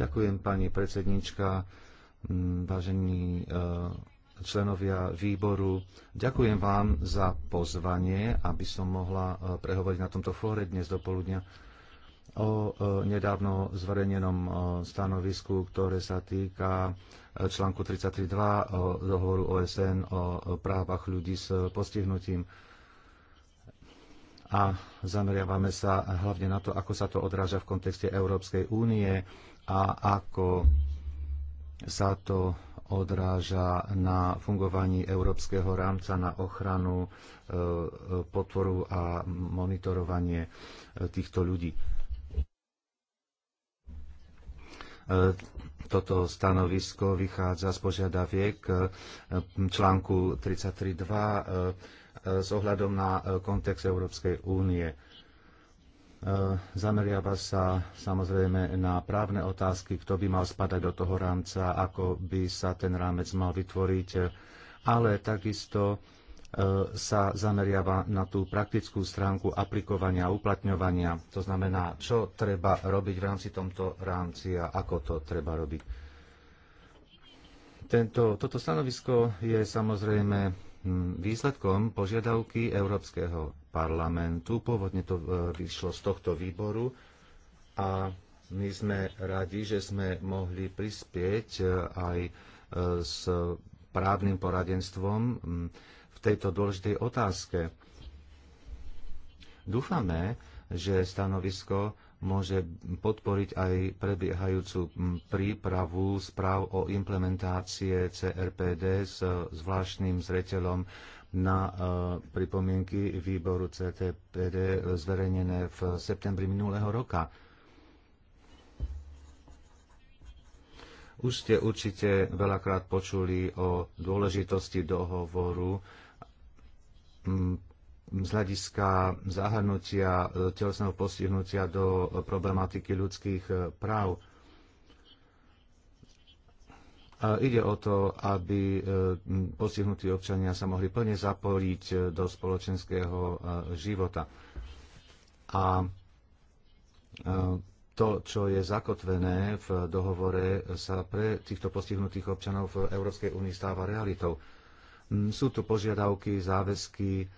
Ďakujem, pani predsednička, vážení e, členovia výboru. Ďakujem vám za pozvanie, aby som mohla e, prehovoriť na tomto fóre dnes do poludnia o e, nedávno zverejnenom stanovisku, ktoré sa týka článku 33.2 dohovoru OSN o právach ľudí s postihnutím a zameriavame sa hlavne na to, ako sa to odráža v kontexte Európskej únie a ako sa to odráža na fungovaní európskeho rámca na ochranu, e, potvoru a monitorovanie e, týchto ľudí. E, toto stanovisko vychádza z požiadaviek článku 33.2 s ohľadom na e, kontext Európskej únie. E, zameriava sa samozrejme na právne otázky, kto by mal spadať do toho rámca, ako by sa ten rámec mal vytvoriť, ale takisto e, sa zameriava na tú praktickú stránku aplikovania a uplatňovania. To znamená, čo treba robiť v rámci tomto rámci a ako to treba robiť. Tento, toto stanovisko je samozrejme Mm, výsledkom požiadavky Európskeho parlamentu. Pôvodne to e, vyšlo z tohto výboru a my sme radi, že sme mohli prispieť e, aj e, s právnym poradenstvom mm, v tejto dôležitej otázke. Dúfame, že stanovisko môže podporiť aj prebiehajúcu prípravu správ o implementácie CRPD s zvláštnym zreteľom na e, pripomienky výboru CTPD zverejnené v septembri minulého roka. Už ste určite veľakrát počuli o dôležitosti dohovoru z hľadiska zahrnutia e, telesného postihnutia do e, problematiky ľudských e, práv. A ide o to, aby postihnutí občania sa mohli plne zapojiť do spoločenského života. A to, čo je zakotvené v dohovore, sa pre týchto postihnutých občanov v Európskej únii stáva realitou. Sú tu požiadavky, záväzky,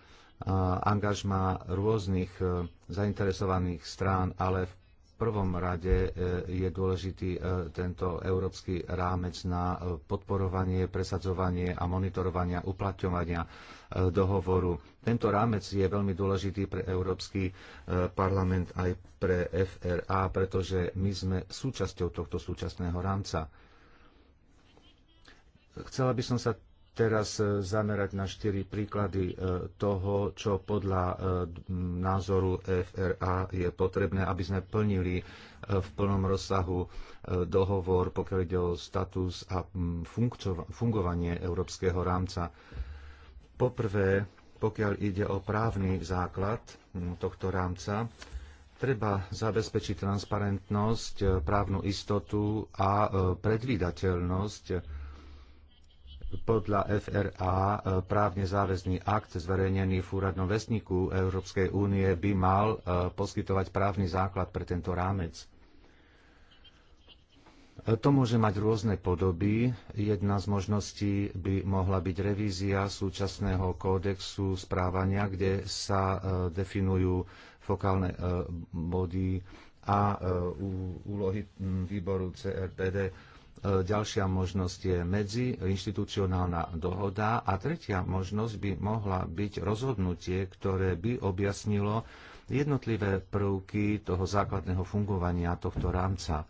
angažma rôznych e, zainteresovaných strán, ale v prvom rade e, je dôležitý e, tento európsky rámec na podporovanie, presadzovanie a monitorovania, uplatňovania dohovoru. Tento rámec je veľmi dôležitý pre Európsky parlament aj pre FRA, pretože my sme súčasťou tohto súčasného rámca. Chcela by som sa teraz e, zamerať na štyri príklady e, toho, čo podľa e, názoru FRA je potrebné, aby sme plnili v plnom rozsahu dohovor, pokiaľ ide o status a fungovanie európskeho rámca. Poprvé, pokiaľ ide o právny základ tohto rámca, treba zabezpečiť transparentnosť, právnu istotu a predvídateľnosť podľa FRA e, právne záväzný akt zverejnený v úradnom vesniku Európskej únie by mal e, poskytovať právny základ pre tento rámec. E, to môže mať rôzne podoby. Jedna z možností by mohla byť revízia súčasného kódexu správania, kde sa definujú fokálne body a úlohy výboru CRPD E, ďalšia možnosť je medziinstitucionálna dohoda a tretia možnosť by mohla byť rozhodnutie, ktoré by objasnilo jednotlivé prvky toho základného fungovania tohto rámca.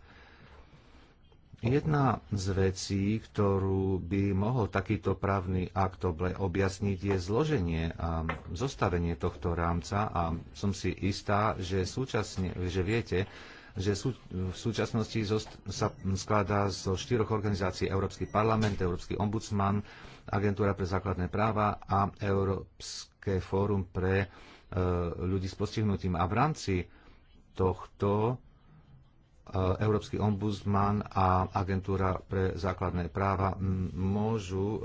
Jedna z vecí, ktorú by mohol takýto právny akt objasniť, je zloženie a zostavenie tohto rámca a som si istá, že súčasne, že viete, že sú, v súčasnosti zost, sa skladá zo štyroch organizácií Európsky parlament, Európsky ombudsman, Agentúra pre základné práva a Európske fórum pre e, ľudí s postihnutím. A v rámci tohto e, Európsky ombudsman a agentúra pre základné práva môžu e,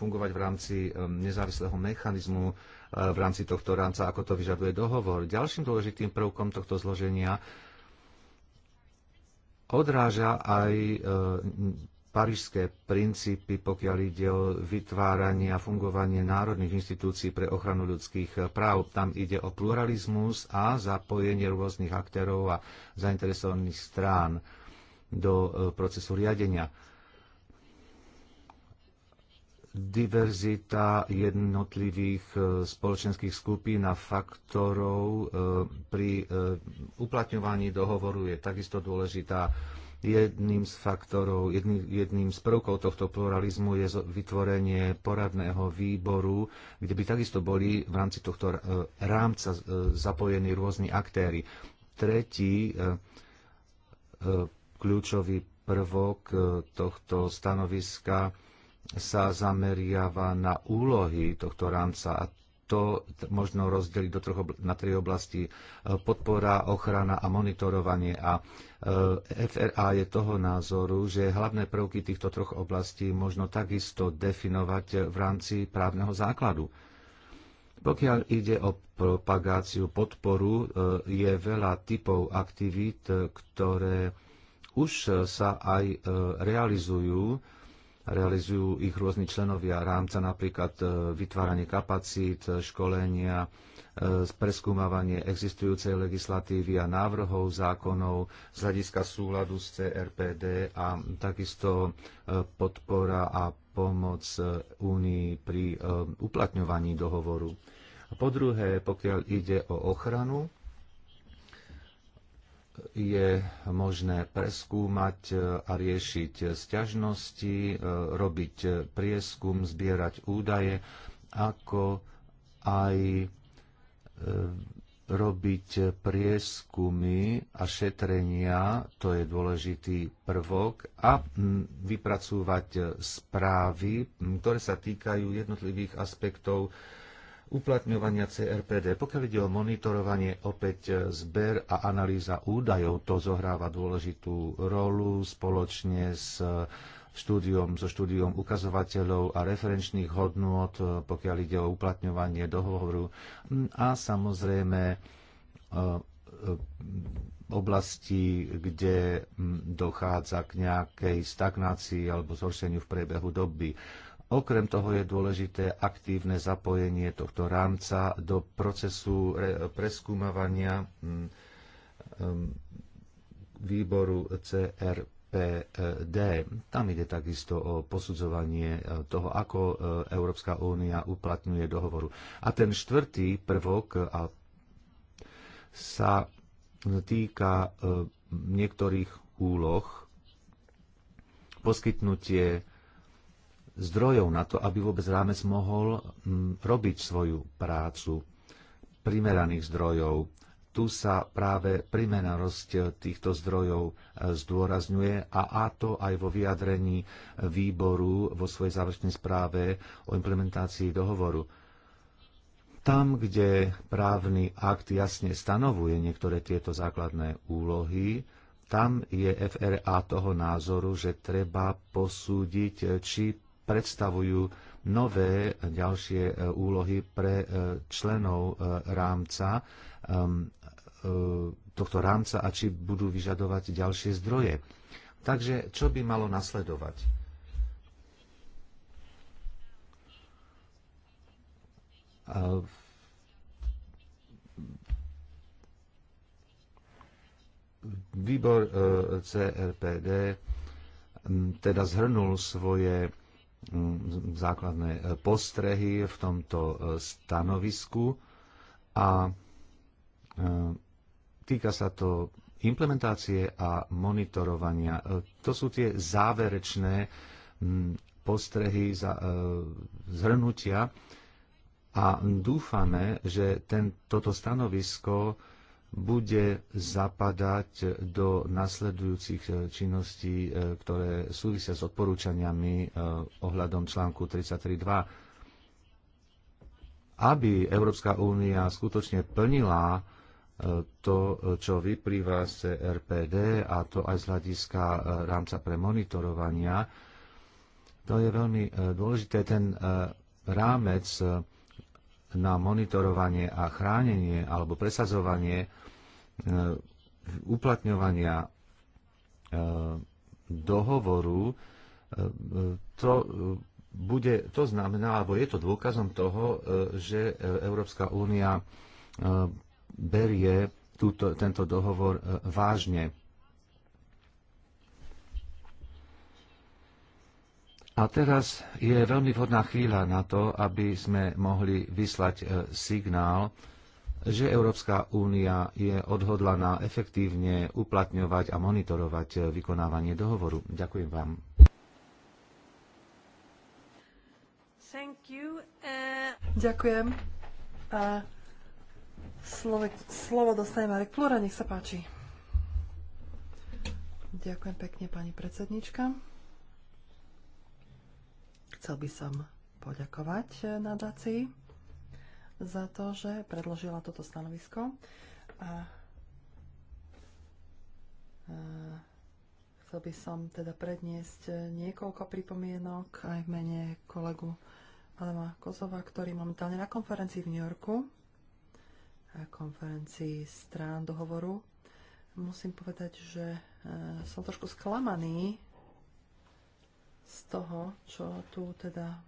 fungovať v rámci e, nezávislého mechanizmu v rámci tohto rámca, ako to vyžaduje dohovor. Ďalším dôležitým prvkom tohto zloženia odráža aj e, parížské princípy, pokiaľ ide o vytváranie a fungovanie národných inštitúcií pre ochranu ľudských práv. Tam ide o pluralizmus a zapojenie rôznych aktérov a zainteresovaných strán do e, procesu riadenia diverzita jednotlivých e, spoločenských skupín a faktorov e, pri e, uplatňovaní dohovoru je takisto dôležitá. Jedným z faktorov, jedný, jedným z prvkov tohto pluralizmu je vytvorenie poradného výboru, kde by takisto boli v rámci tohto rámca zapojení rôzni aktéry. Tretí kľúčový prvok tohto stanoviska sa zameriava na úlohy tohto rámca a to možno rozdeliť do troch, na tri oblasti. E, podpora, ochrana a monitorovanie. A e, FRA je toho názoru, že hlavné prvky týchto troch oblastí možno takisto definovať v rámci právneho základu. Pokiaľ ide o propagáciu podporu, e, je veľa typov aktivít, ktoré už sa aj realizujú realizujú ich rôzni členovia rámca, napríklad e, vytváranie kapacít, e, školenia, e, preskúmavanie existujúcej legislatívy a návrhov zákonov z hľadiska súladu s CRPD a takisto podpora a pomoc Únii pri uplatňovaní dohovoru. Po druhé, pokiaľ ide o ochranu, je možné preskúmať e, a riešiť sťažnosti, e, robiť prieskum, zbierať údaje, ako aj e, robiť prieskumy a šetrenia, to je dôležitý prvok, a vypracúvať správy, ktoré sa týkajú jednotlivých aspektov uplatňovania CRPD. Pokiaľ ide o monitorovanie, opäť e, zber a analýza údajov, to zohráva dôležitú rolu spoločne s e, štúdiom, so štúdiom ukazovateľov a referenčných hodnôt, e, pokiaľ ide o uplatňovanie dohovoru mm, a samozrejme oblasti, kde mm, dochádza k nejakej stagnácii alebo zhoršeniu v priebehu doby. Okrem toho je dôležité aktívne zapojenie tohto rámca do procesu preskúmavania mm, mm, výboru CRPD. Tam ide takisto o posudzovanie e, toho, ako e, Európska únia uplatňuje dohovoru. A ten štvrtý prvok e, a sa týka niektorých úloh poskytnutie zdrojov na to, aby vôbec rámec mohol mm, robiť svoju prácu primeraných zdrojov. Tu sa práve primeranosť týchto zdrojov e, zdôrazňuje a, a to aj vo vyjadrení výboru vo svojej záverečnej správe o implementácii dohovoru. Tam, kde právny akt jasne stanovuje niektoré tieto základné úlohy, tam je FRA toho názoru, že treba posúdiť, či predstavujú nové ďalšie e, úlohy pre e, členov e, rámca um, tohto rámca a či budú vyžadovať ďalšie zdroje. Takže čo by malo nasledovať? Výbor CRPD teda zhrnul svoje Mm, základné e, postrehy v tomto e, stanovisku a e, týka sa to implementácie a monitorovania. To sú tie záverečné mm, postrehy, zhrnutia a dúfame, že ten, toto stanovisko bude zapadať do nasledujúcich eh, činností, eh, ktoré súvisia s odporúčaniami eh, ohľadom článku 33.2. Aby Európska únia skutočne plnila to, čo vyplýva z CRPD a to aj z hľadiska rámca pre monitorovania, to je veľmi dôležité. Ten rámec na monitorovanie a chránenie alebo presazovanie e, uplatňovania e, dohovoru, e, to bude, to znamená, alebo je to dôkazom toho, že Európska únia berie túto, tento dohovor vážne. A teraz je veľmi vhodná chvíľa na to, aby sme mohli vyslať e, signál, že Európska únia je odhodlaná efektívne uplatňovať a monitorovať e, vykonávanie dohovoru. Ďakujem vám. E- Ďakujem. A slovo, slovo dostane Marek Plura, nech sa páči. Ďakujem pekne, pani predsednička. Chcel by som poďakovať eh, nadácii za to, že predložila toto stanovisko a eh, chcel by som teda predniesť eh, niekoľko pripomienok aj v mene kolegu Adama Kozova, ktorý momentálne na konferencii v New Yorku, konferencii strán dohovoru. Musím povedať, že som trošku sklamaný z toho, čo tu teda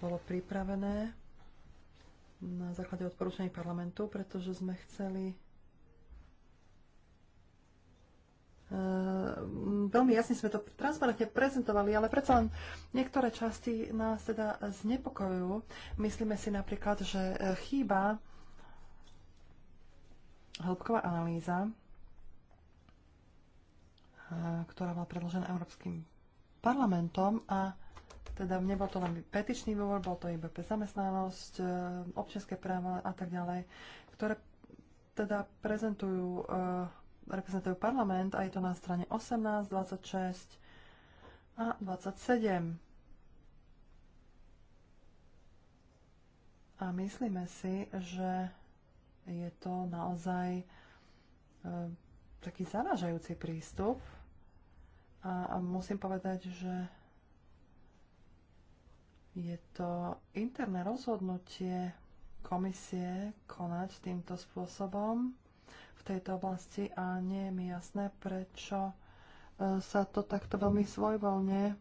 bolo pripravené na základe odporúčaní parlamentu, pretože sme chceli e, veľmi jasne sme to transparentne prezentovali, ale predsa len niektoré časti nás teda znepokojujú. Myslíme si napríklad, že e, chýba hĺbková analýza, e, ktorá bola predložená Európskym parlamentom a teda nebol to len petičný výbor, bol to iba pre zamestnanosť, e, občianské práva a tak ďalej, ktoré teda prezentujú, e, reprezentujú parlament a je to na strane 18, 26 a 27. A myslíme si, že je to naozaj e, taký zaražajúci prístup, a, a musím povedať, že je to interné rozhodnutie komisie konať týmto spôsobom v tejto oblasti a nie je mi jasné, prečo e, sa to takto veľmi svojvoľne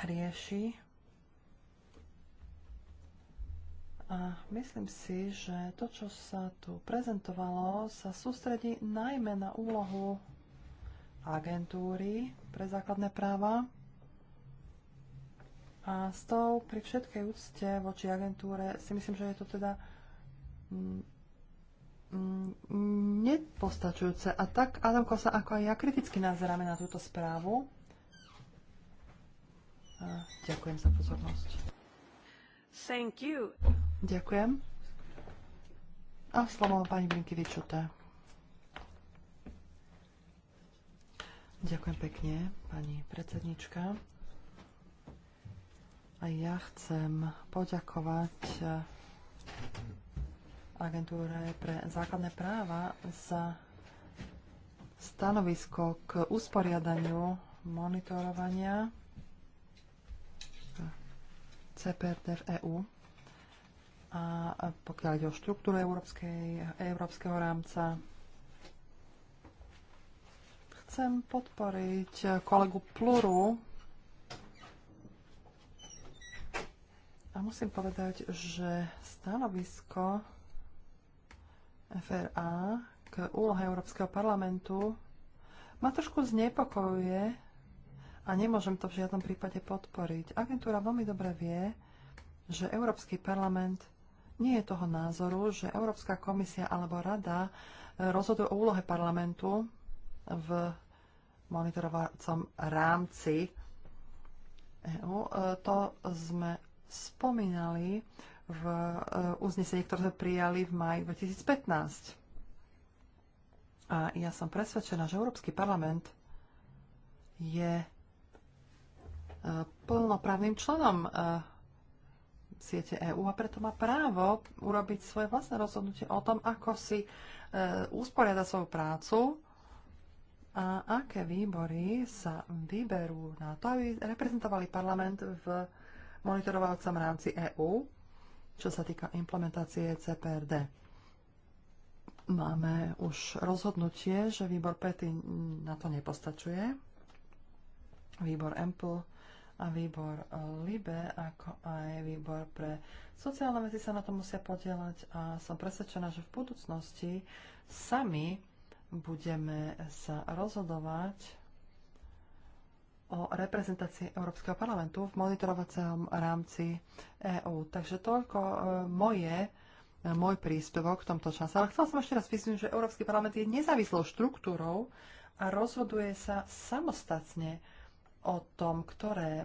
rieši. A myslím si, že to, čo sa tu prezentovalo, sa sústredí najmä na úlohu agentúry pre základné práva. A s tou pri všetkej úcte voči agentúre si myslím, že je to teda mm, mm, nepostačujúce. A tak, Adam Kosa, ako aj ja kriticky nazeráme na túto správu. A ďakujem za pozornosť. Thank you. Ďakujem. A slovo pani Brinky Vyčuté. Ďakujem pekne, pani predsednička. A ja chcem poďakovať eh, agentúre pre základné práva za stanovisko k usporiadaniu monitorovania eh, CPRT v EÚ. A eh, pokiaľ ide o štruktúru európskeho rámca, Chcem podporiť eh, kolegu Pluru. A musím povedať, že stanovisko FRA k úlohe Európskeho parlamentu ma trošku znepokojuje a nemôžem to v žiadnom prípade podporiť. Agentúra veľmi dobre vie, že Európsky parlament nie je toho názoru, že Európska komisia alebo rada eh, rozhodujú o úlohe parlamentu v monitorovacom rámci EU. E, to sme spomínali v e, uznesení, ktoré sme prijali v maji 2015. A ja som presvedčená, že Európsky parlament je e, plnoprávnym členom siete EÚ a preto má právo urobiť svoje vlastné rozhodnutie o tom, ako si usporiada svoju prácu a aké výbory sa vyberú na to, aby reprezentovali parlament v monitorovacom rámci EÚ, čo sa týka implementácie CPRD. Máme už rozhodnutie, že výbor PETI na to nepostačuje. Výbor EMPL a výbor e, LIBE, ako aj výbor pre sociálne veci sa na to musia podielať a som presvedčená, že v budúcnosti sami budeme sa rozhodovať o reprezentácii Európskeho parlamentu v monitorovacom rámci EÚ. Takže toľko e, moje e, môj príspevok v tomto čase. Ale chcel som ešte raz vysvetliť, že Európsky parlament je nezávislou štruktúrou a rozhoduje sa samostatne o tom, ktoré e,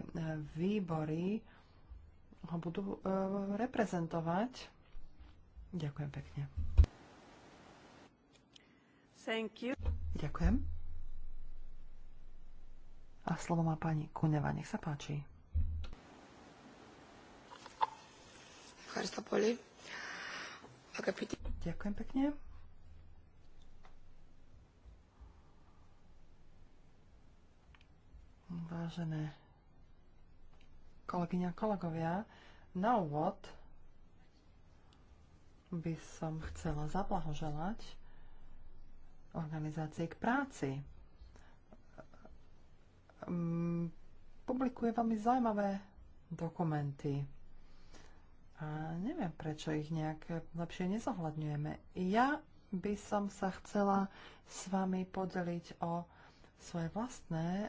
výbory ho budú reprezentovať. Ďakujem pekne. Thank you. Ďakujem. A slovo má pani Kuneva, nech sa páči. Ďakujem pekne. Vážené kolegyňa, kolegovia, na úvod by som chcela zablahoželať organizácie k práci. Mm, publikuje veľmi zaujímavé dokumenty. A neviem, prečo ich nejak lepšie nezohľadňujeme. Ja by som sa chcela s vami podeliť o svoje vlastné e,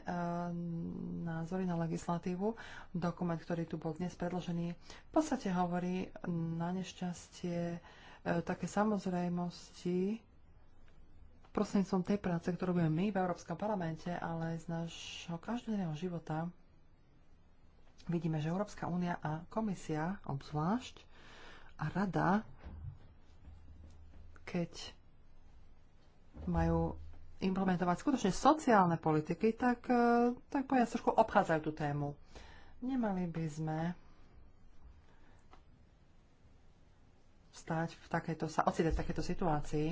názory na legislatívu. Dokument, ktorý tu bol dnes predložený, v podstate hovorí na nešťastie e, také samozrejmosti, som tej práce, ktorú robíme my v Európskom parlamente, ale z nášho každodenného života vidíme, že Európska únia a komisia obzvlášť a rada, keď majú implementovať skutočne sociálne politiky, tak, e, tak povedať, trošku obchádzajú tú tému. Nemali by sme stať v takejto, sa ocitať v takejto situácii,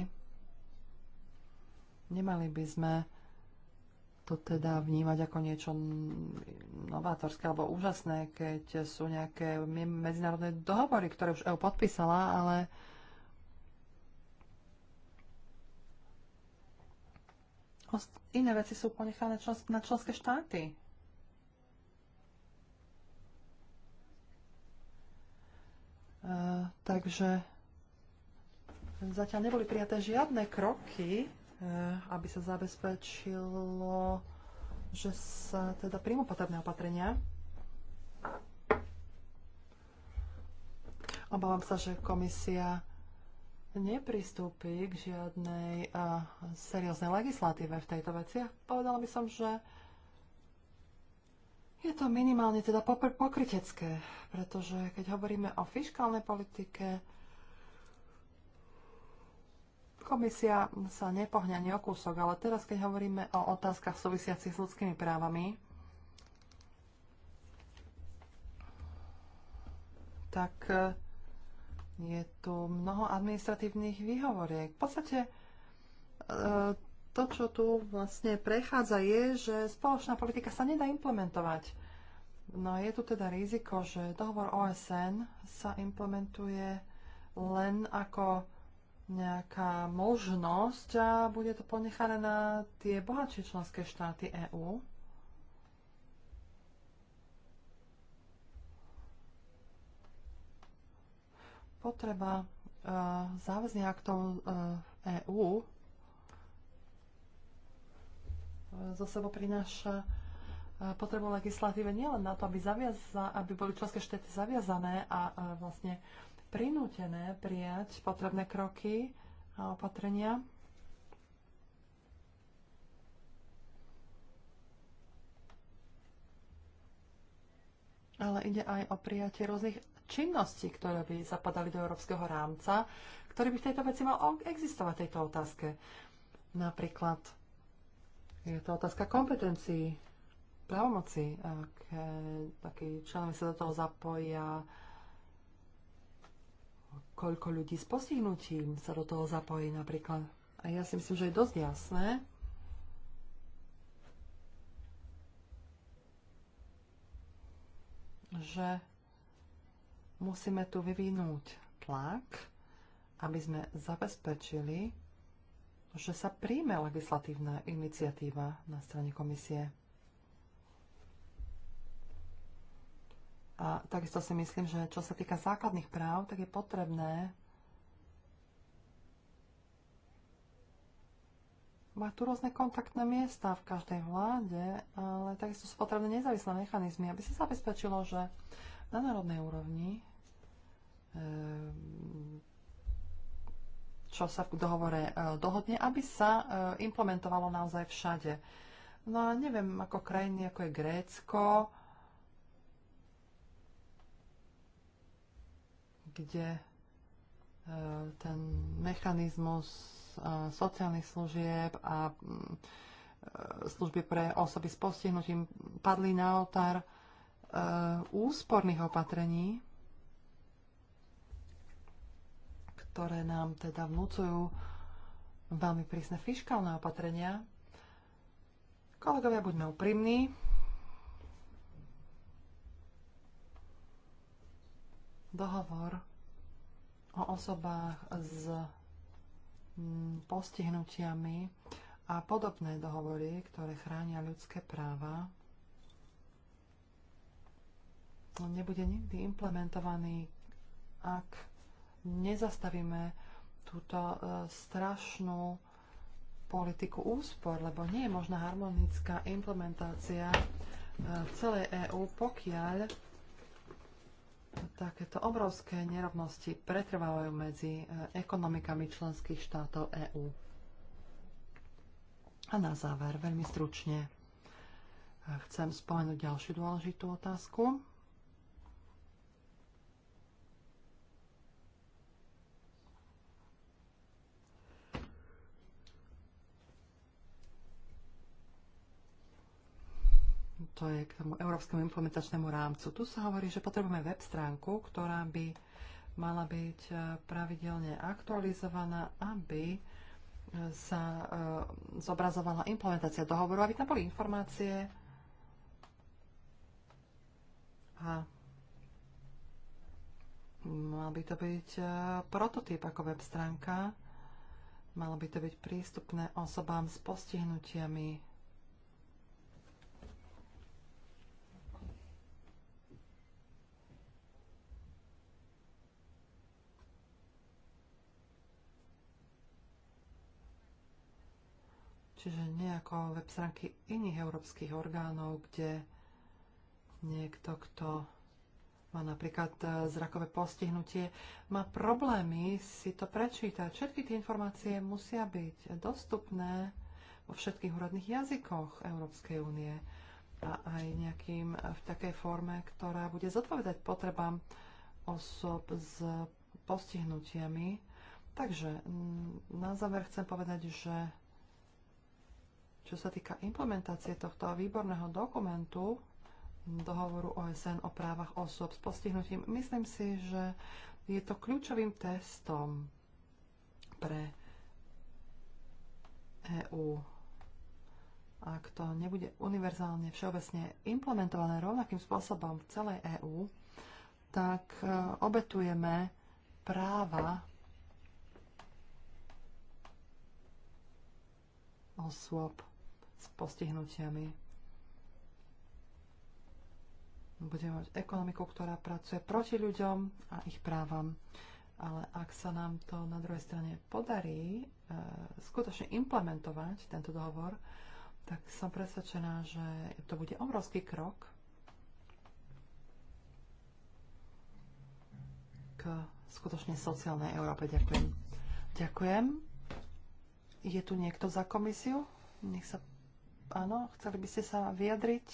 Nemali by sme to teda vnímať ako niečo novátorské alebo úžasné, keď sú nejaké medzinárodné dohovory, ktoré už EU podpísala, ale iné veci sú ponechané na členské štáty. Uh, takže zatiaľ neboli prijaté žiadne kroky, Eh, aby sa zabezpečilo, že sa teda príjmu potrebné opatrenia. Obávam sa, že komisia nepristúpi k žiadnej uh, serióznej legislatíve v tejto veci. A povedala by som, že je to minimálne teda pokrytecké, pretože keď hovoríme o fiskálnej politike, Komisia sa nepohňa ani o kúsok, ale teraz, keď hovoríme o otázkach súvisiacich s ľudskými právami, tak e, je tu mnoho administratívnych výhovoriek. V podstate e, to, čo tu vlastne prechádza, je, že spoločná politika sa nedá implementovať. No je tu teda riziko, že dohovor OSN sa implementuje len ako nejaká možnosť a bude to ponechané na tie bohatšie členské štáty EÚ. Potreba uh, záväzných aktov uh, e, EÚ e, zo sebou prináša potrebu legislatíve nielen na to, aby, zaviaza, aby boli členské štáty zaviazané a uh, vlastne uh, prinútené prijať potrebné kroky a opatrenia. Ale ide aj o prijatie rôznych činností, ktoré by zapadali do európskeho rámca, ktorý by v tejto veci mal existovať, tejto otázke. Napríklad je to otázka kompetencií, právomoci, keď eh, takí členovia sa do toho zapoja, koľko ľudí s postihnutím sa do toho zapojí napríklad. A ja si myslím, že je dosť jasné, že musíme tu vyvinúť tlak, aby sme zabezpečili, že sa príjme legislatívna iniciatíva na strane komisie. A takisto si myslím, že čo sa týka základných práv, tak je potrebné Mať tu rôzne kontaktné miesta v každej vláde, ale takisto sú potrebné nezávislé mechanizmy, aby sa zabezpečilo, že na národnej úrovni, ehm, čo sa v dohovore e, dohodne, aby sa e, implementovalo naozaj všade. No a neviem, ako krajiny, ako je Grécko, kde e, ten mechanizmus e, sociálnych služieb a e, služby pre osoby s postihnutím padli na oltár úsporných opatrení, ktoré nám teda vnúcujú veľmi prísne fiškálne opatrenia. Kolegovia, buďme úprimní, dohovor o osobách s mm, postihnutiami a podobné dohovory, ktoré chránia ľudské práva, nebude nikdy implementovaný, ak nezastavíme túto e, strašnú politiku úspor, lebo nie je možná harmonická implementácia e, celej EÚ, pokiaľ takéto obrovské nerovnosti pretrvávajú medzi e, ekonomikami členských štátov EÚ. A na záver, veľmi stručne, e, chcem spomenúť ďalšiu dôležitú otázku. to je k tomu európskemu implementačnému rámcu. Tu sa hovorí, že potrebujeme web stránku, ktorá by mala byť e, pravidelne aktualizovaná, aby e, sa e, zobrazovala implementácia dohovoru, aby tam boli informácie a mal by to byť prototyp ako web stránka, malo by to byť prístupné osobám s postihnutiami, Čiže nejako web stránky iných európskych orgánov, kde niekto, kto má napríklad e, zrakové postihnutie, má problémy si to prečítať. Všetky tie informácie musia byť dostupné vo všetkých úradných jazykoch Európskej únie a aj nejakým e, v takej forme, ktorá bude zodpovedať potrebám osob s postihnutiami. Takže na záver chcem povedať, že čo sa týka implementácie tohto výborného dokumentu, dohovoru OSN o právach osob s postihnutím, myslím si, že je to kľúčovým testom pre EÚ. Ak to nebude univerzálne všeobecne implementované rovnakým spôsobom v celej EÚ, tak e, obetujeme práva osôb s postihnutiami. Budeme mať ekonomiku, ktorá pracuje proti ľuďom a ich právam. Ale ak sa nám to na druhej strane podarí e, skutočne implementovať tento dohovor, tak som presvedčená, že to bude obrovský krok k skutočne sociálnej Európe. Ďakujem. Ďakujem. Je tu niekto za komisiu? Nech sa Áno, chceli by ste sa vyjadriť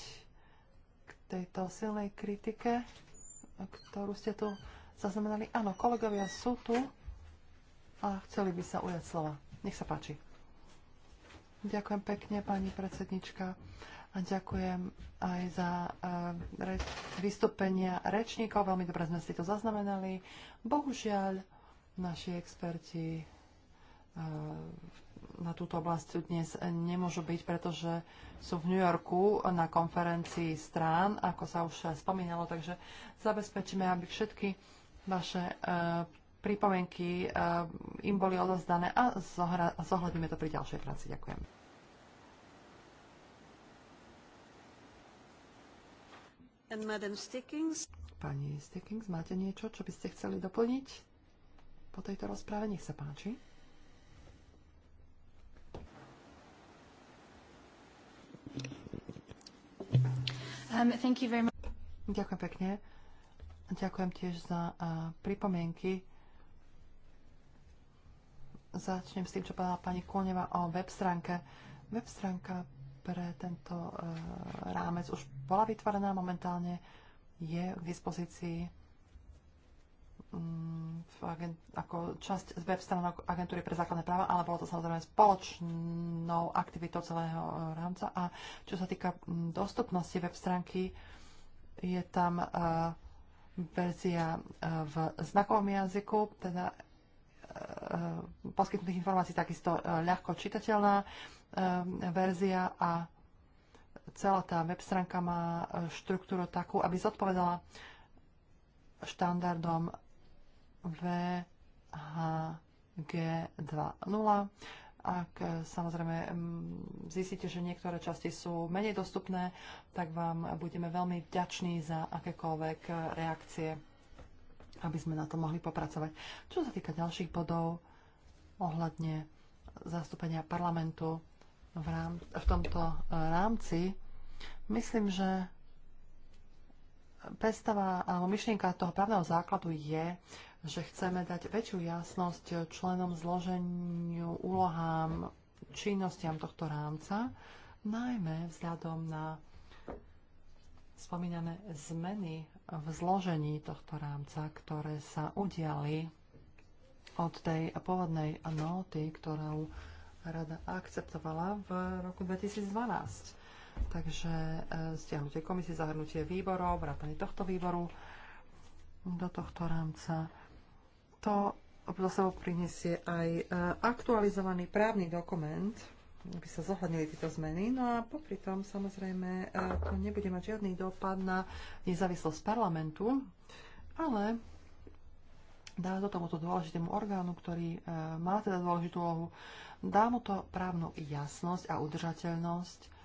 k tejto silnej kritike, ktorú ste tu zaznamenali. Áno, kolegovia sú tu a chceli by sa ujať slova. Nech sa páči. Ďakujem pekne, pani predsednička. A ďakujem aj za uh, eh, reč, vystúpenia rečníkov. Veľmi dobre sme si to zaznamenali. Bohužiaľ, naši experti uh, na túto oblasť dnes nemôžu byť, pretože sú v New Yorku na konferencii strán, ako sa už spomínalo, takže zabezpečíme, aby všetky vaše e, pripomienky e, im boli odozdané a zohľadíme to pri ďalšej práci. Ďakujem. And Madam Stickings. Pani Stickings, máte niečo, čo by ste chceli doplniť po tejto rozprave? Nech sa páči. Um, thank you very much. Ďakujem pekne. Ďakujem tiež za uh, pripomienky. Začnem s tým, čo povedala pani Kulneva o web stránke. Web stránka pre tento uh, rámec už bola vytvorená momentálne, je k dispozícii Mm, v agent, ako časť z web stránok agentúry pre základné práva, ale bolo to samozrejme spoločnou aktivitou celého e, rámca. A čo sa týka mm, dostupnosti web stránky, je tam uh, verzia uh, v znakovom jazyku, teda uh, poskytnutých informácií takisto ľahko čitateľná verzia a celá tá web stránka má štruktúru takú, aby zodpovedala štandardom VHG2.0. Ak samozrejme zistíte, že niektoré časti sú menej dostupné, tak vám budeme veľmi vďační za akékoľvek reakcie, aby sme na to mohli popracovať. Čo sa týka ďalších bodov ohľadne zastúpenia parlamentu v, rám, v tomto e, rámci, myslím, že predstava alebo myšlienka toho právneho základu je, že chceme dať väčšiu jasnosť členom zloženiu, úlohám, činnostiam tohto rámca, najmä vzhľadom na spomínané zmeny v zložení tohto rámca, ktoré sa udiali od tej pôvodnej noty, ktorú rada akceptovala v roku 2012. Takže eh, stiahnutie komisie, zahrnutie výborov, vrátanie tohto výboru do tohto rámca to za sebou prinesie aj e, aktualizovaný právny dokument, aby sa zohľadnili tieto zmeny. No a popri tom, samozrejme, e, to nebude mať žiadny dopad na nezávislosť parlamentu, ale dá to tomuto dôležitému orgánu, ktorý e, má teda dôležitú úlohu, dá mu to právnu jasnosť a udržateľnosť,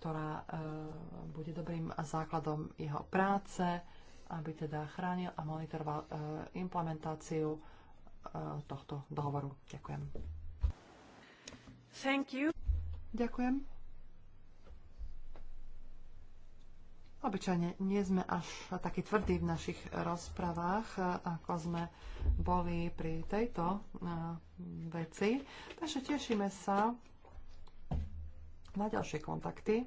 ktorá bude dobrým základom jeho práce, aby teda chránil a monitoroval e, implementáciu e, tohto dohovoru. Ďakujem. Thank you. Ďakujem. Obyčajne nie sme až takí tvrdí v našich rozprávach, e, ako sme boli pri tejto veci. Takže tešíme sa na ďalšie kontakty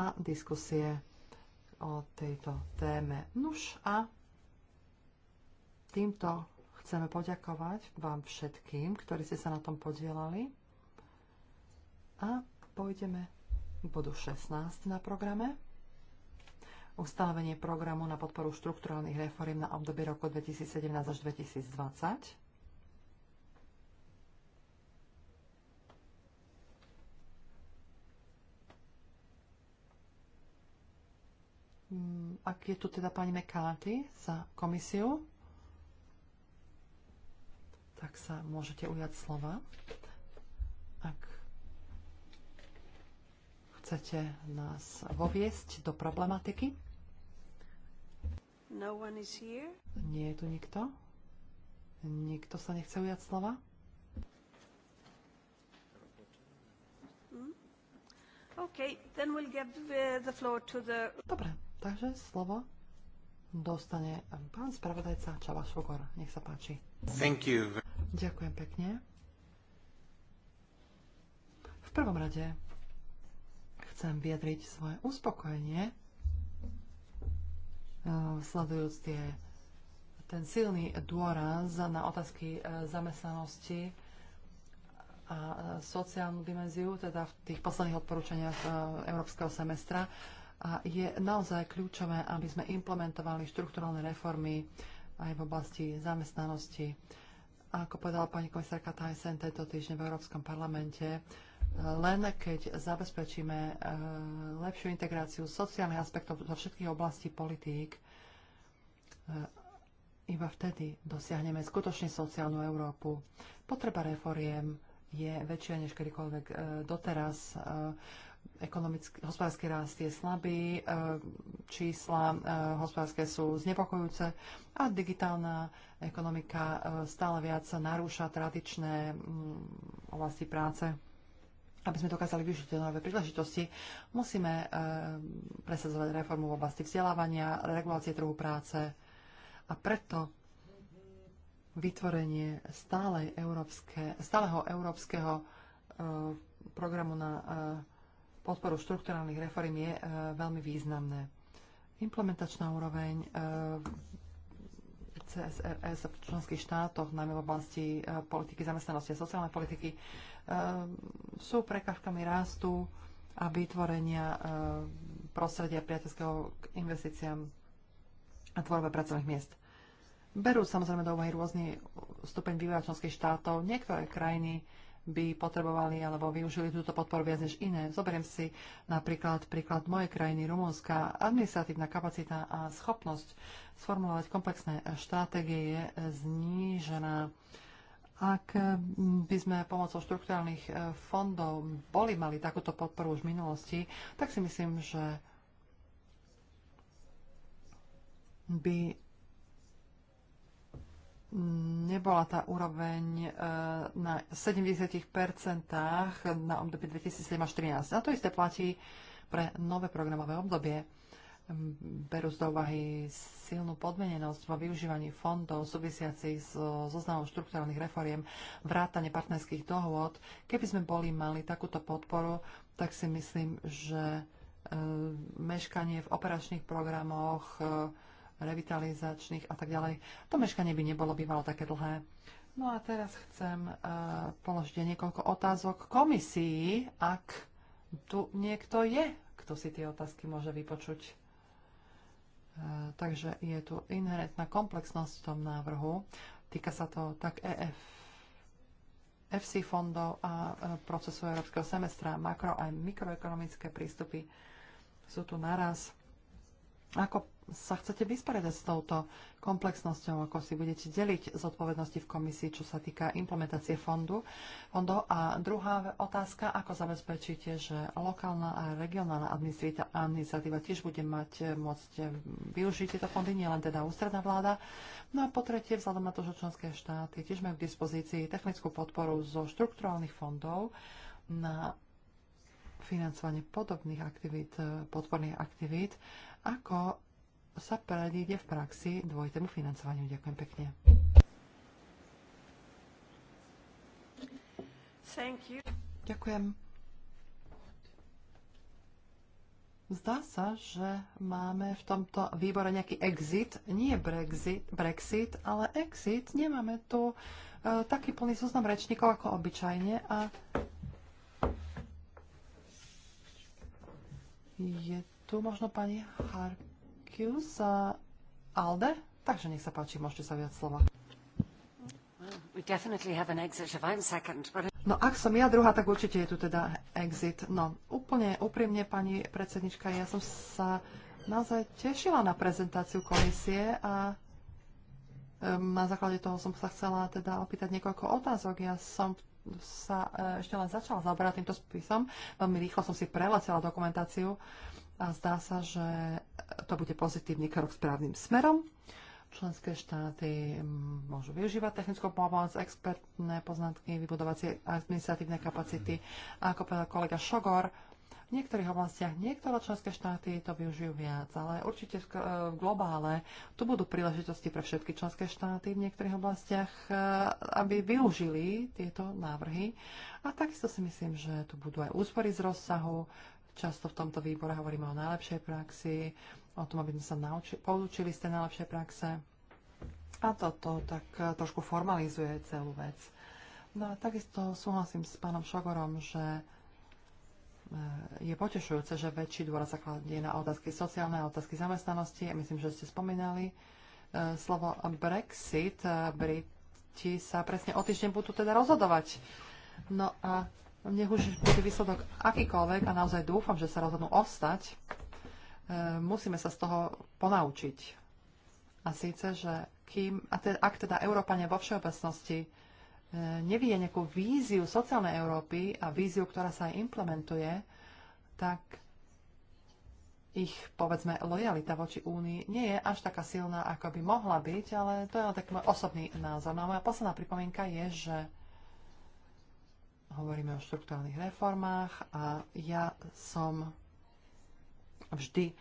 a diskusie o tejto téme. Nuž a týmto chceme poďakovať vám všetkým, ktorí ste sa na tom podielali. A pôjdeme k bodu 16 na programe. Ustanovenie programu na podporu štrukturálnych reforiem na obdobie roku 2017 až 2020. Mm, ak je tu teda pani McCarthy za komisiu, tak sa môžete ujať slova. Ak chcete nás voviesť do problematiky. No one is here. Nie je tu nikto. Nikto sa nechce ujať slova. Hmm? Okay, then we'll give uh, the floor to the... Dobre, Takže slovo dostane pán spravodajca Čava Šugor. Nech sa páči. Thank you. Ďakujem pekne. V prvom rade chcem vyjadriť svoje uspokojenie, e, sledujúc tie, ten silný dôraz na otázky e, zamestnanosti a e, sociálnu dimenziu, teda v tých posledných odporúčaniach Európskeho semestra a je naozaj kľúčové, aby sme implementovali štrukturálne reformy aj v oblasti zamestnanosti. Ako povedala pani komisárka Tyson tento týždeň v Európskom parlamente, len keď zabezpečíme eh, lepšiu integráciu sociálnych aspektov zo všetkých oblastí politík, eh, iba vtedy dosiahneme skutočne sociálnu Európu. Potreba reforiem je väčšia než kedykoľvek eh, doteraz hospodársky rast je slabý, eh, čísla eh, hospodárske sú znepokojúce a digitálna ekonomika eh, stále viac narúša tradičné mm, oblasti práce. Aby sme dokázali využiť tie nové príležitosti, musíme presadzovať reformu v oblasti vzdelávania, regulácie trhu práce a preto vytvorenie stále európske, stáleho európskeho programu na podporu štrukturálnych reform je e, veľmi významné. Implementačná úroveň e, CSRS v členských štátoch, najmä v oblasti e, politiky zamestnanosti a sociálnej politiky, sú prekažkami rastu a vytvorenia prostredia priateľského k investíciám a tvorbe pracovných miest. Berú samozrejme do úvahy rôzny stupeň vývoja členských štátov. Niektoré krajiny by potrebovali alebo využili túto podporu viac než iné. Zoberiem si napríklad príklad mojej krajiny Rumúnska. Administratívna kapacita a schopnosť sformulovať komplexné štratégie je znížená. Ak by sme pomocou štrukturálnych eh, fondov boli mali takúto podporu už v minulosti, tak si myslím, že by nebola tá úroveň e, na 70% na obdobie 2007 až 2013. A to isté platí pre nové programové obdobie. Berú z úvahy silnú podmenenosť vo využívaní fondov súvisiacich so zoznamom štruktúrnych reforiem, vrátane partnerských dohôd. Keby sme boli mali takúto podporu, tak si myslím, že e, meškanie v operačných programoch e, revitalizačných a tak ďalej. To meškanie by nebolo bývalo také dlhé. No a teraz chcem uh, položiť niekoľko otázok komisii, ak tu niekto je, kto si tie otázky môže vypočuť. Uh, takže je tu inherentná komplexnosť v tom návrhu. Týka sa to tak EF, FC fondov a uh, procesu európskeho semestra, makro aj mikroekonomické prístupy sú tu naraz ako sa chcete vysporiadať s touto komplexnosťou, ako si budete deliť zodpovednosti v komisii, čo sa týka implementácie fondu, fondov. A druhá otázka, ako zabezpečíte, že lokálna a regionálna administratíva tiež bude mať eh, môcť eh, využiť tieto fondy, nielen teda ústredná vláda. No a po tretie, vzhľadom na to, že členské štáty tiež majú k dispozícii technickú podporu zo štrukturálnych fondov na financovanie podobných aktivít, eh, podporných aktivít ako sa predíde v praxi dvojitému financovaniu. Ďakujem pekne. Ďakujem. Zdá sa, že máme v tomto výbore nejaký exit, nie Brexit, Brexit ale exit. Nemáme tu e, taký plný zoznam rečníkov ako obyčajne a je tu možno pani Harkius a Alde? Takže nech sa páči, môžete sa viac slova. No ak som ja druhá, tak určite je tu teda exit. No úplne úprimne, pani predsednička, ja som sa naozaj tešila na prezentáciu komisie a na základe toho som sa chcela teda opýtať niekoľko otázok. Ja som v sa e, ešte len začala zaberať týmto spisom. Veľmi rýchlo som si preletela dokumentáciu a zdá sa, že to bude pozitívny krok správnym smerom. Členské štáty môžu využívať technickú pomoc, expertné poznatky, vybudovacie administratívne kapacity. A ako povedal kolega Šogor, v niektorých oblastiach niektoré členské štáty to využijú viac, ale určite v globále tu budú príležitosti pre všetky členské štáty v niektorých oblastiach, e, aby využili tieto návrhy. A takisto si myslím, že tu budú aj úspory z rozsahu. Často v tomto výbore hovoríme o najlepšej praxi, o tom, aby sme sa nauči- poučili z tej najlepšej praxe. A toto tak e, trošku formalizuje celú vec. No a takisto súhlasím s pánom Šogorom, že je potešujúce, že väčší dôraz zakladie na otázky sociálne a otázky zamestnanosti. Myslím, že ste spomínali e, slovo Brexit. E, Briti sa presne o týždeň budú teda rozhodovať. No a nech už bude výsledok akýkoľvek a naozaj dúfam, že sa rozhodnú ostať, e, musíme sa z toho ponaučiť. A síce, že kým, a te, ak teda Európania vo všeobecnosti nevie nejakú víziu sociálnej Európy a víziu, ktorá sa aj implementuje, tak ich, povedzme, lojalita voči Únii nie je až taká silná, ako by mohla byť, ale to je taký môj osobný názor. No a moja posledná pripomienka je, že hovoríme o štruktúrnych reformách a ja som vždy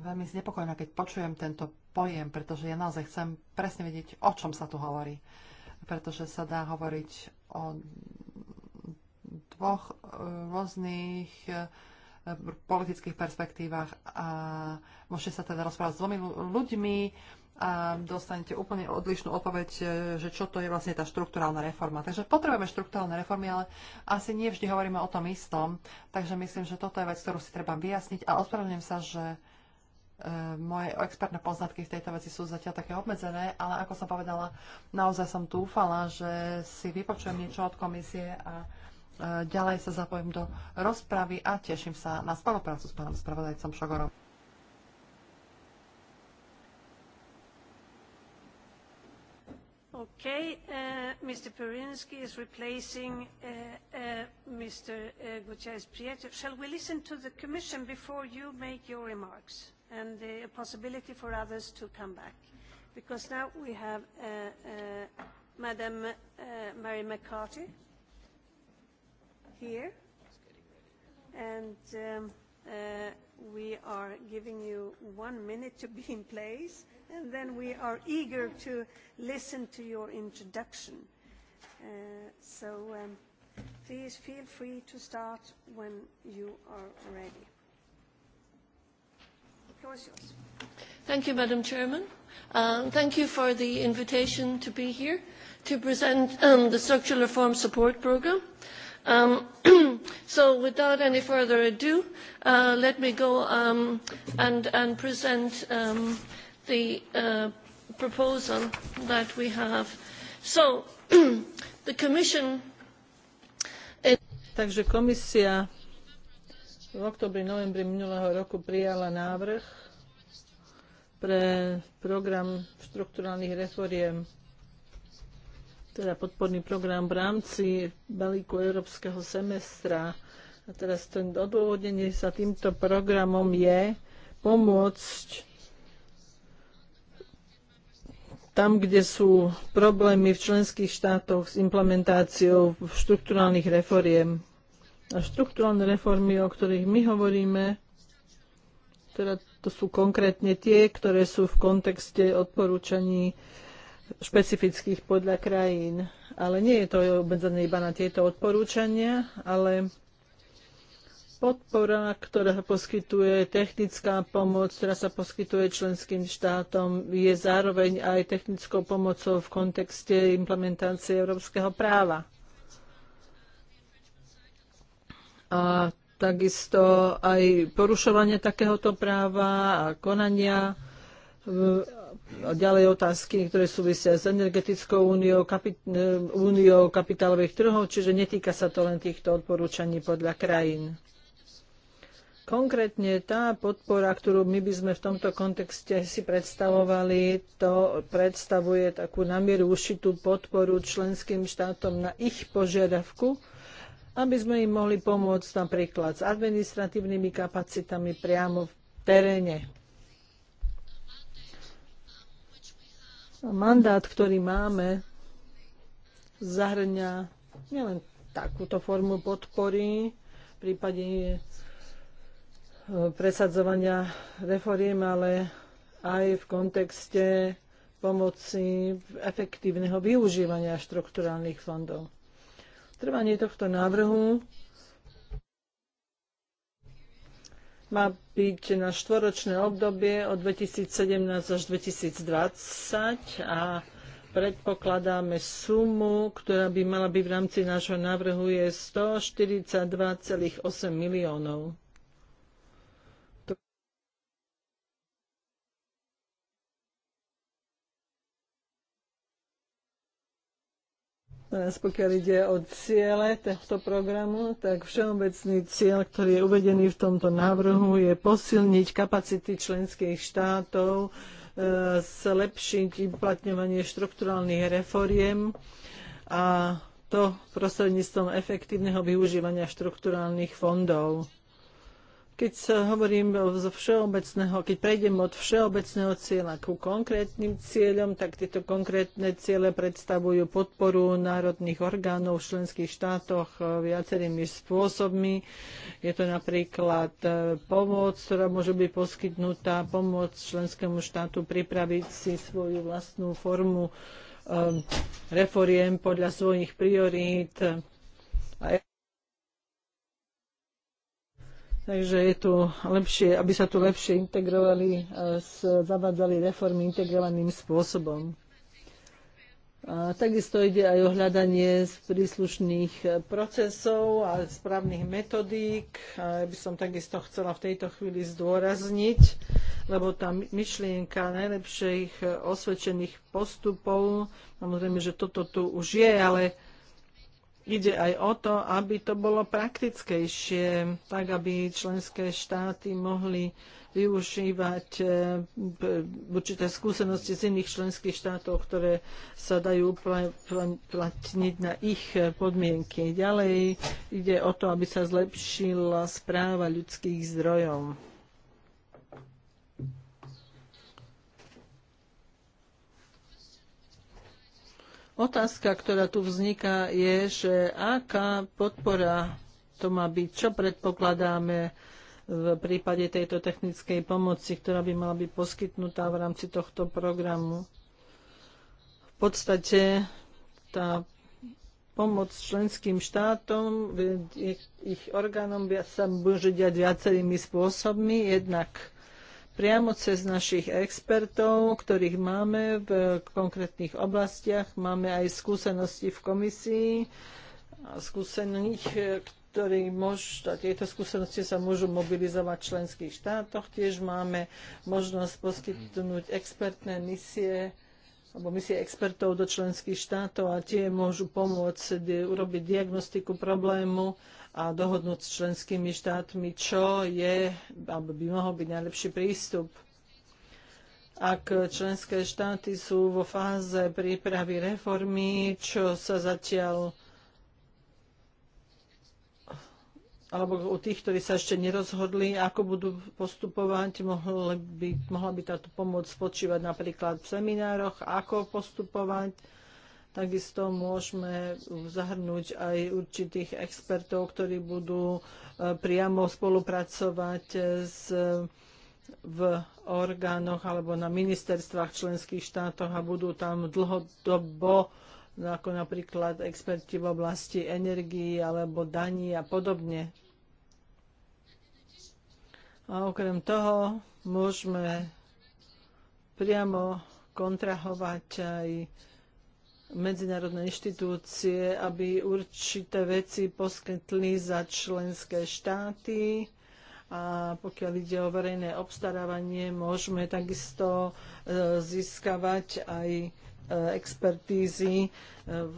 veľmi znepokojená, keď počujem tento pojem, pretože ja naozaj chcem presne vedieť, o čom sa tu hovorí pretože sa dá hovoriť o dvoch e, rôznych e, politických perspektívach a môžete sa teda rozprávať s dvomi ľuďmi a dostanete úplne odlišnú odpoveď, e, že čo to je vlastne tá štruktúrálna reforma. Takže potrebujeme štruktúrálne reformy, ale asi nie vždy hovoríme o tom istom. Takže myslím, že toto je vec, ktorú si treba vyjasniť a ospravedlňujem sa, že Eh, moje expertné poznatky v tejto veci sú zatiaľ také obmedzené, ale ako som povedala, naozaj som dúfala, že si vypočujem niečo od komisie a eh, ďalej sa zapojím do rozpravy a teším sa na spoluprácu s pánom spravodajcom Šogorom. Okay, uh, eh, Mr. Perinsky is replacing uh, uh, Mr. Gutierrez-Prieto. Shall we listen to the Commission before you make your remarks? and the possibility for others to come back. Because now we have uh, uh, Madam uh, Mary McCarthy here, and um, uh, we are giving you one minute to be in place, and then we are eager to listen to your introduction. Uh, so um, please feel free to start when you are ready floor is yours. Thank you, Madam Chairman. Uh, thank you for the invitation to be here to present um, the Structural Reform Support Programme. Um, so without any further ado, uh, let me go um, and, and present um, the uh, proposal that we have. So the Commission... Takže komisia v oktobri, novembri minulého roku prijala návrh pre program štrukturálnych reforiem, teda podporný program v rámci balíku európskeho semestra. A teraz to odôvodnenie sa týmto programom je pomôcť tam, kde sú problémy v členských štátoch s implementáciou štrukturálnych reforiem. A reformy, o ktorých my hovoríme, teda to sú konkrétne tie, ktoré sú v kontexte odporúčaní špecifických podľa krajín. Ale nie je to obmedzené iba na tieto odporúčania, ale podpora, ktorá poskytuje technická pomoc, ktorá sa poskytuje členským štátom, je zároveň aj technickou pomocou v kontexte implementácie európskeho práva. a takisto aj porušovanie takéhoto práva a konania. E, ďalej otázky, ktoré súvisia s energetickou úniou, kapit- e, úniou kapitálových trhov, čiže netýka sa to len týchto odporúčaní podľa krajín. Konkrétne tá podpora, ktorú my by sme v tomto kontexte si predstavovali, to predstavuje takú namieru ušitú podporu členským štátom na ich požiadavku, aby sme im mohli pomôcť napríklad s administratívnymi kapacitami priamo v teréne. Mandát, ktorý máme, zahrňa nielen takúto formu podpory v prípade e, presadzovania reforiem, ale aj v kontexte pomoci efektívneho využívania štrukturálnych fondov. Trvanie tohto návrhu má byť na štvoročné obdobie od 2017 až 2020 a predpokladáme sumu, ktorá by mala byť v rámci nášho návrhu je 142,8 miliónov. Teraz pokiaľ ide o ciele tohto programu, tak všeobecný cieľ, ktorý je uvedený v tomto návrhu, je posilniť kapacity členských štátov, e, zlepšiť uplatňovanie štrukturálnych reforiem a to prostredníctvom efektívneho využívania štrukturálnych fondov. Keď sa hovorím zo všeobecného, keď prejdem od všeobecného cieľa ku konkrétnym cieľom, tak tieto konkrétne ciele predstavujú podporu národných orgánov v členských štátoch e, viacerými spôsobmi. Je to napríklad e, pomoc, ktorá môže byť poskytnutá, pomoc členskému štátu pripraviť si svoju vlastnú formu e, reforiem podľa svojich priorít. A Takže je tu lepšie, aby sa tu lepšie integrovali, e, zavádzali reformy integrovaným spôsobom. A takisto ide aj o hľadanie z príslušných e, procesov a správnych metodík. A by som takisto chcela v tejto chvíli zdôrazniť, lebo tá myšlienka najlepších e, osvedčených postupov, samozrejme, že toto tu už je, ale ide aj o to, aby to bolo praktickejšie, tak aby členské štáty mohli využívať eh, určité skúsenosti z iných členských štátov, ktoré sa dajú uplatniť na ich podmienky. Ďalej ide o to, aby sa zlepšila správa ľudských zdrojov. Otázka, ktorá tu vzniká, je, že aká podpora to má byť, čo predpokladáme v prípade tejto technickej pomoci, ktorá by mala byť poskytnutá v rámci tohto programu. V podstate tá pomoc členským štátom, ich orgánom sa môže diať viacerými spôsobmi. Jednak priamo cez našich expertov, ktorých máme v konkrétnych oblastiach. Máme aj skúsenosti v komisii, skúsených, ktorí môžu, tieto skúsenosti sa môžu mobilizovať v členských štátoch. Tiež máme možnosť poskytnúť expertné misie alebo misie expertov do členských štátov a tie môžu pomôcť urobiť diagnostiku problému a dohodnúť s členskými štátmi, čo je, alebo by mohol byť najlepší prístup. Ak členské štáty sú vo fáze prípravy reformy, čo sa zatiaľ alebo u tých, ktorí sa ešte nerozhodli, ako budú postupovať, mohla by, mohla by táto pomoc spočívať napríklad v seminároch, ako postupovať, Takisto môžeme zahrnúť aj určitých expertov, ktorí budú e, priamo spolupracovať e, s v orgánoch alebo na ministerstvách členských štátoch a budú tam dlhodobo, ako napríklad experti v oblasti energii alebo daní a podobne. A okrem toho môžeme priamo kontrahovať aj medzinárodné inštitúcie, aby určité veci poskytli za členské štáty. A pokiaľ ide o verejné obstarávanie, môžeme takisto e, získavať aj e, expertízy e,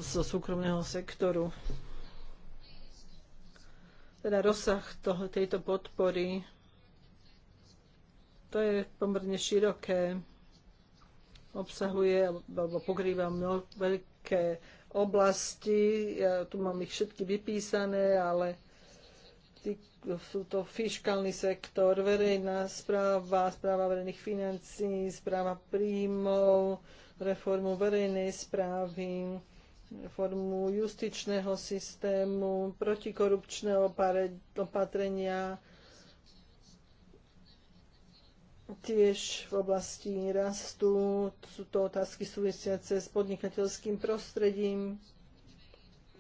zo súkromného sektoru. Teda rozsah toho, tejto podpory, to je pomerne široké obsahuje alebo pokrýva veľké oblasti. Ja tu mám ich všetky vypísané, ale sú to fiskálny sektor, verejná správa, správa verejných financí, správa príjmov, reformu verejnej správy, reformu justičného systému, protikorupčné opatrenia, Tiež v oblasti rastu sú to otázky súvisiace s podnikateľským prostredím.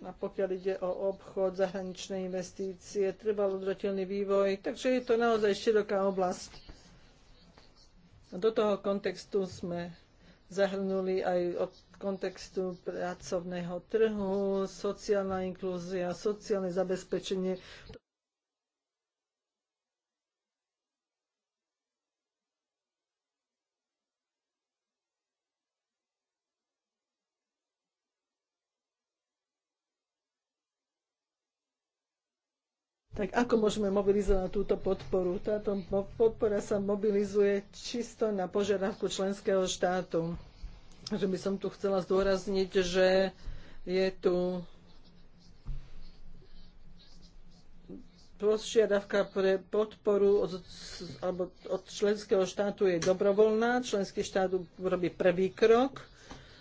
A pokiaľ ide o obchod, zahraničné investície, trvalo udržateľný vývoj. Takže je to naozaj široká oblasť. Do toho kontextu sme zahrnuli aj od kontextu pracovného trhu, sociálna inklúzia, sociálne zabezpečenie. tak ako môžeme mobilizovať túto podporu? Táto podpora sa mobilizuje čisto na požiadavku členského štátu. Že by som tu chcela zdôrazniť, že je tu požiadavka pre podporu od, alebo od členského štátu je dobrovoľná. Členský štát robí prvý krok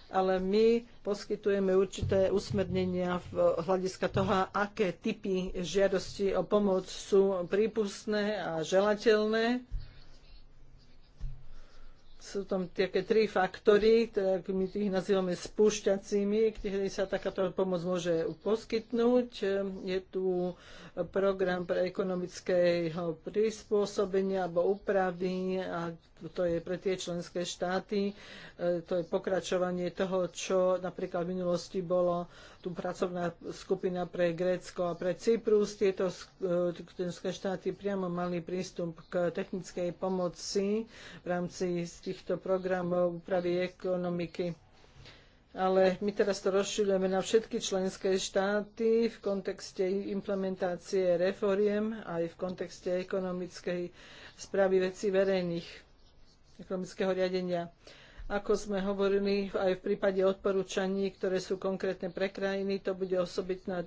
ale my poskytujeme určité usmernenia v hľadiska toho, aké typy žiadosti o pomoc sú prípustné a želateľné. Sú tam také tri faktory, ktoré my tých nazývame spúšťacími, kde sa takáto pomoc môže poskytnúť. Je tu program pre ekonomického prispôsobenia alebo úpravy a to je pre tie členské štáty, e, to je pokračovanie toho, čo napríklad v minulosti bolo tu pracovná skupina pre Grécko a pre Cyprus. Tieto e, členské štáty priamo mali prístup k technickej pomoci v rámci týchto programov úpravy ekonomiky. Ale my teraz to rozšírujeme na všetky členské štáty v kontexte implementácie reforiem aj v kontexte ekonomickej správy vecí verejných ekonomického riadenia. Ako sme hovorili aj v prípade odporúčaní, ktoré sú konkrétne pre krajiny, to bude osobitná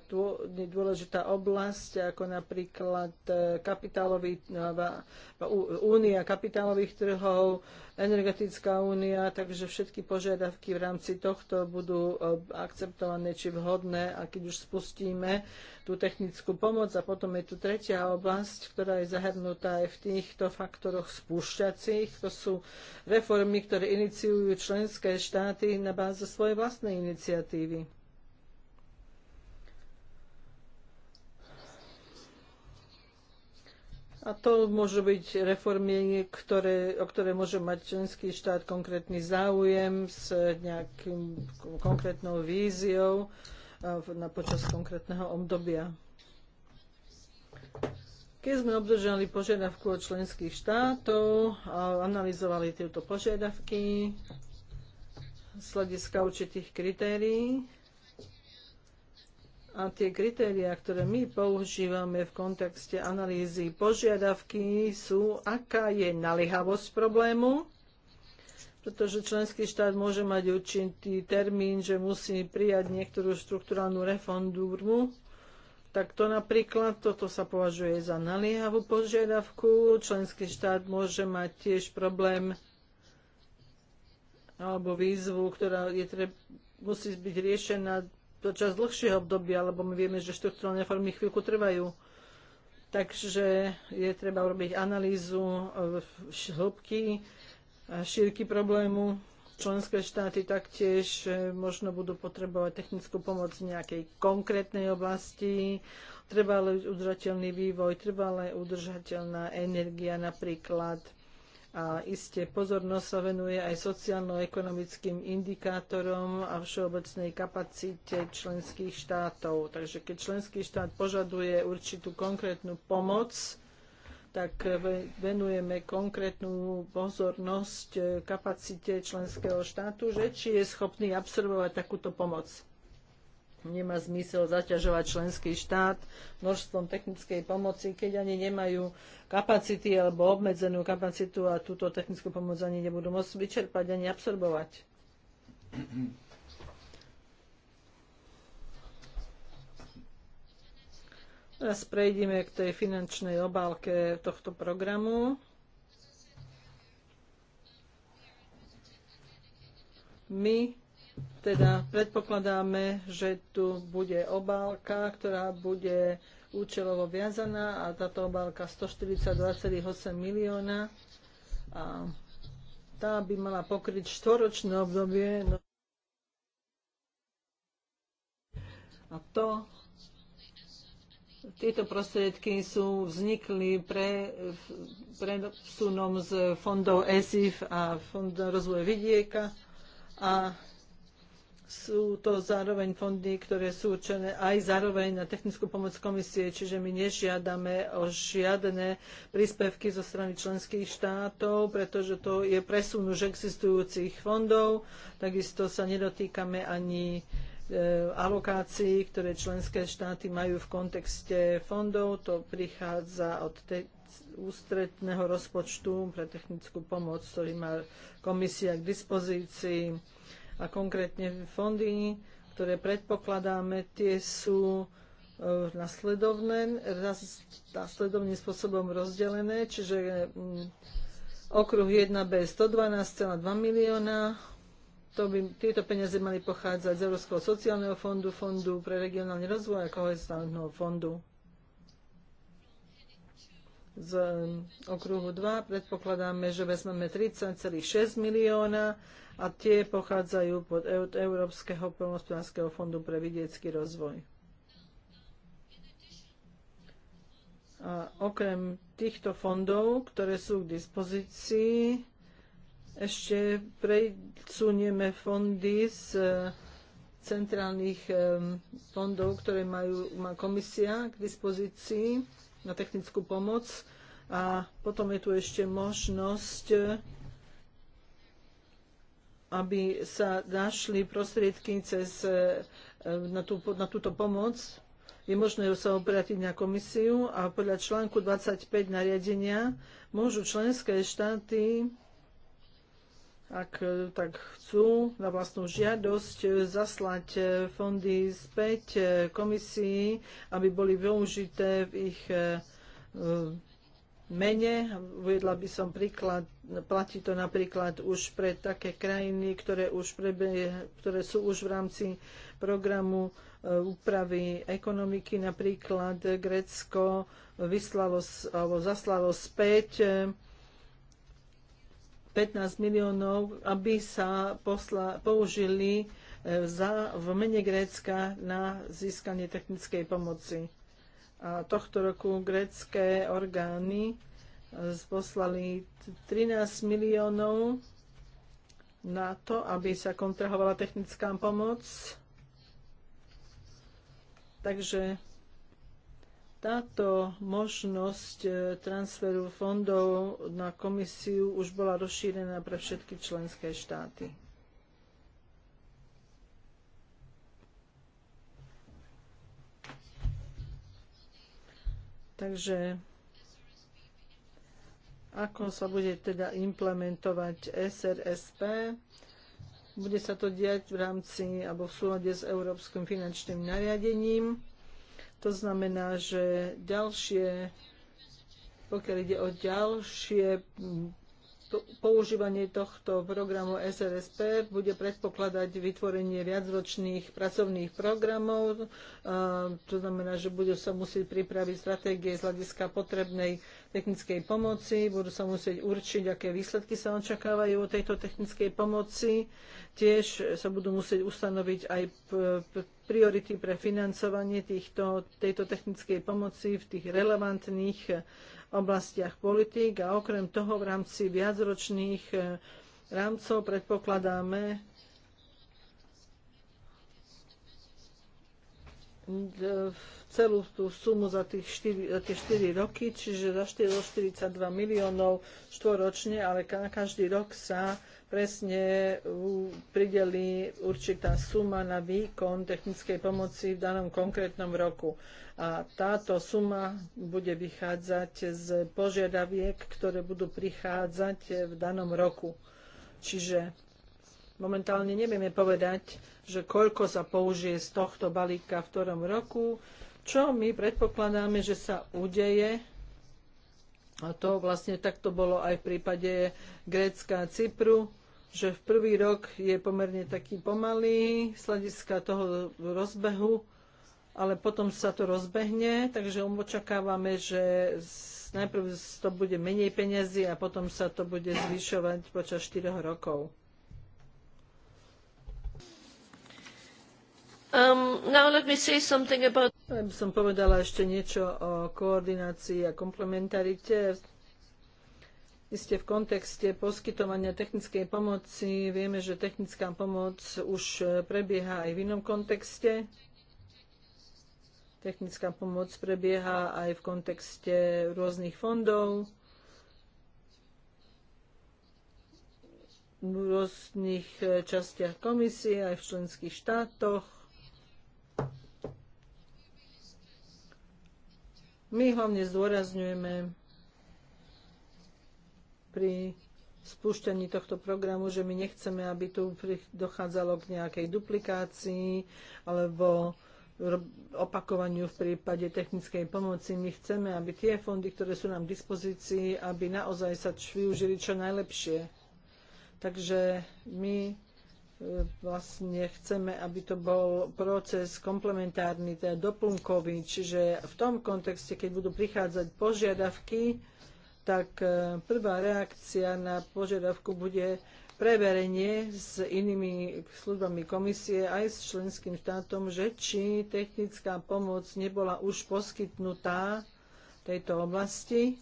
dôležitá oblasť, ako napríklad e, kapitálový, e, únia kapitálových trhov, energetická únia, takže všetky požiadavky v rámci tohto budú e, akceptované či vhodné a keď už spustíme tú technickú pomoc. A potom je tu tretia oblasť, ktorá je zahrnutá aj v týchto faktoroch spúšťacích. To sú reformy, ktoré iniciujú členské štáty na báze svojej vlastnej iniciatívy. A to môžu byť reformy, ktoré, o ktoré môže mať členský štát konkrétny záujem s nejakým konkrétnou víziou na počas konkrétneho obdobia. Keď sme obdržali požiadavku od členských štátov a analyzovali tieto požiadavky z hľadiska určitých kritérií, a tie kritériá, ktoré my používame v kontexte analýzy požiadavky, sú, aká je naliehavosť problému, pretože členský štát môže mať určitý termín, že musí prijať niektorú štruktúrálnu reformu, tak to napríklad, toto sa považuje za naliehavú požiadavku. Členský štát môže mať tiež problém alebo výzvu, ktorá je treba, musí byť riešená počas dlhšieho obdobia, lebo my vieme, že štruktúrne reformy chvíľku trvajú. Takže je treba urobiť analýzu e, hĺbky a e, šírky problému. Členské štáty taktiež e, možno budú potrebovať technickú pomoc v nejakej konkrétnej oblasti, trvalý udržateľný vývoj, trvalé udržateľná energia napríklad a iste pozornosť sa venuje aj sociálno-ekonomickým indikátorom a všeobecnej kapacite členských štátov. Takže keď členský štát požaduje určitú konkrétnu pomoc, tak venujeme konkrétnu pozornosť eh, kapacite členského štátu, že či je schopný absorbovať takúto pomoc. Nemá zmysel zaťažovať členský štát množstvom technickej pomoci, keď ani nemajú kapacity alebo obmedzenú kapacitu a túto technickú pomoc ani nebudú môcť vyčerpať ani absorbovať. Teraz prejdeme k tej finančnej obálke tohto programu. My teda predpokladáme, že tu bude obálka, ktorá bude účelovo viazaná a táto obálka 142,8 milióna a tá by mala pokryť štvoročné obdobie. No. A to tieto prostriedky sú vznikli pre, súnom z fondov ESIF a Fond rozvoja vidieka a sú to zároveň fondy, ktoré sú určené aj zároveň na technickú pomoc komisie, čiže my nežiadame o žiadne príspevky zo strany členských štátov, pretože to je presun už existujúcich fondov. Takisto sa nedotýkame ani e, alokácií, ktoré členské štáty majú v kontexte fondov. To prichádza od ústredného rozpočtu pre technickú pomoc, ktorý má komisia k dispozícii a konkrétne fondy, ktoré predpokladáme, tie sú e, nasledovným spôsobom rozdelené, čiže mm, okruh 1B 112,2 milióna, to by, tieto peniaze mali pochádzať z Európskeho sociálneho fondu, fondu pre regionálny rozvoj a kohezného fondu. Z e, okruhu 2 predpokladáme, že vezmeme 30,6 milióna a tie pochádzajú pod Európskeho polnospodárskeho fondu pre vidiecký rozvoj. A okrem týchto fondov, ktoré sú k dispozícii, ešte presunieme fondy z e, centrálnych e, fondov, ktoré majú, má komisia k dispozícii na technickú pomoc. A potom je tu ešte možnosť aby sa našli prostriedky cez, e, na, tú, na túto pomoc. Je možné sa obrátiť na komisiu a podľa článku 25 nariadenia môžu členské štáty ak e, tak chcú, na vlastnú žiadosť zaslať e, fondy späť komisii, aby boli využité v ich mene. Uvedla by som príklad platí to napríklad už pre také krajiny, ktoré, už prebie, ktoré sú už v rámci programu e, úpravy ekonomiky. Napríklad Grécko vyslalo, alebo zaslalo späť 15 e, miliónov, aby sa posla, použili e, za, v mene Grécka na získanie technickej pomoci. A tohto roku grécké orgány poslali 13 miliónov na to, aby sa kontrahovala technická pomoc. Takže táto možnosť e, transferu fondov na komisiu už bola rozšírená pre všetky členské štáty. Takže ako sa bude teda implementovať SRSP? Bude sa to diať v rámci alebo v súlade s Európskym finančným nariadením. To znamená, že ďalšie, pokiaľ ide o ďalšie používanie tohto programu SRSP bude predpokladať vytvorenie viacročných pracovných programov. To znamená, že budú sa musieť pripraviť stratégie z hľadiska potrebnej technickej pomoci, budú sa musieť určiť, aké výsledky sa očakávajú od tejto technickej pomoci. Tiež sa budú musieť ustanoviť aj priority pre financovanie týchto, tejto technickej pomoci v tých relevantných oblastiach politík a okrem toho v rámci viacročných eh, rámcov predpokladáme celú tú sumu za, tých 4, za tie 4 roky, čiže za 4, 42 miliónov štvoročne, ale na každý rok sa presne prideli určitá suma na výkon technickej pomoci v danom konkrétnom roku. A táto suma bude vychádzať z požiadaviek, ktoré budú prichádzať v danom roku. Čiže momentálne nevieme povedať, že koľko sa použije z tohto balíka v ktorom roku, čo my predpokladáme, že sa udeje a to vlastne takto bolo aj v prípade Grécka a Cypru, že v prvý rok je pomerne taký pomalý z hľadiska toho rozbehu, ale potom sa to rozbehne, takže očakávame, že najprv to bude menej peniazy a potom sa to bude zvyšovať počas 4 rokov. Um, now let me say something about... Som povedala ešte niečo o koordinácii a komplementarite ste v kontexte poskytovania technickej pomoci vieme, že technická pomoc už e, prebieha aj v inom kontexte. Technická pomoc prebieha aj v kontexte rôznych fondov, v rôznych e, častiach komisie, aj v členských štátoch. My hlavne zdôrazňujeme pri spúšťaní tohto programu, že my nechceme, aby tu dochádzalo k nejakej duplikácii alebo opakovaniu v prípade technickej pomoci. My chceme, aby tie fondy, ktoré sú nám k dispozícii, aby naozaj sa využili čo najlepšie. Takže my e, vlastne chceme, aby to bol proces komplementárny, teda doplnkový, čiže v tom kontexte, keď budú prichádzať požiadavky, tak e, prvá reakcia na požiadavku bude preverenie s inými službami komisie aj s členským štátom, že či technická pomoc nebola už poskytnutá tejto oblasti.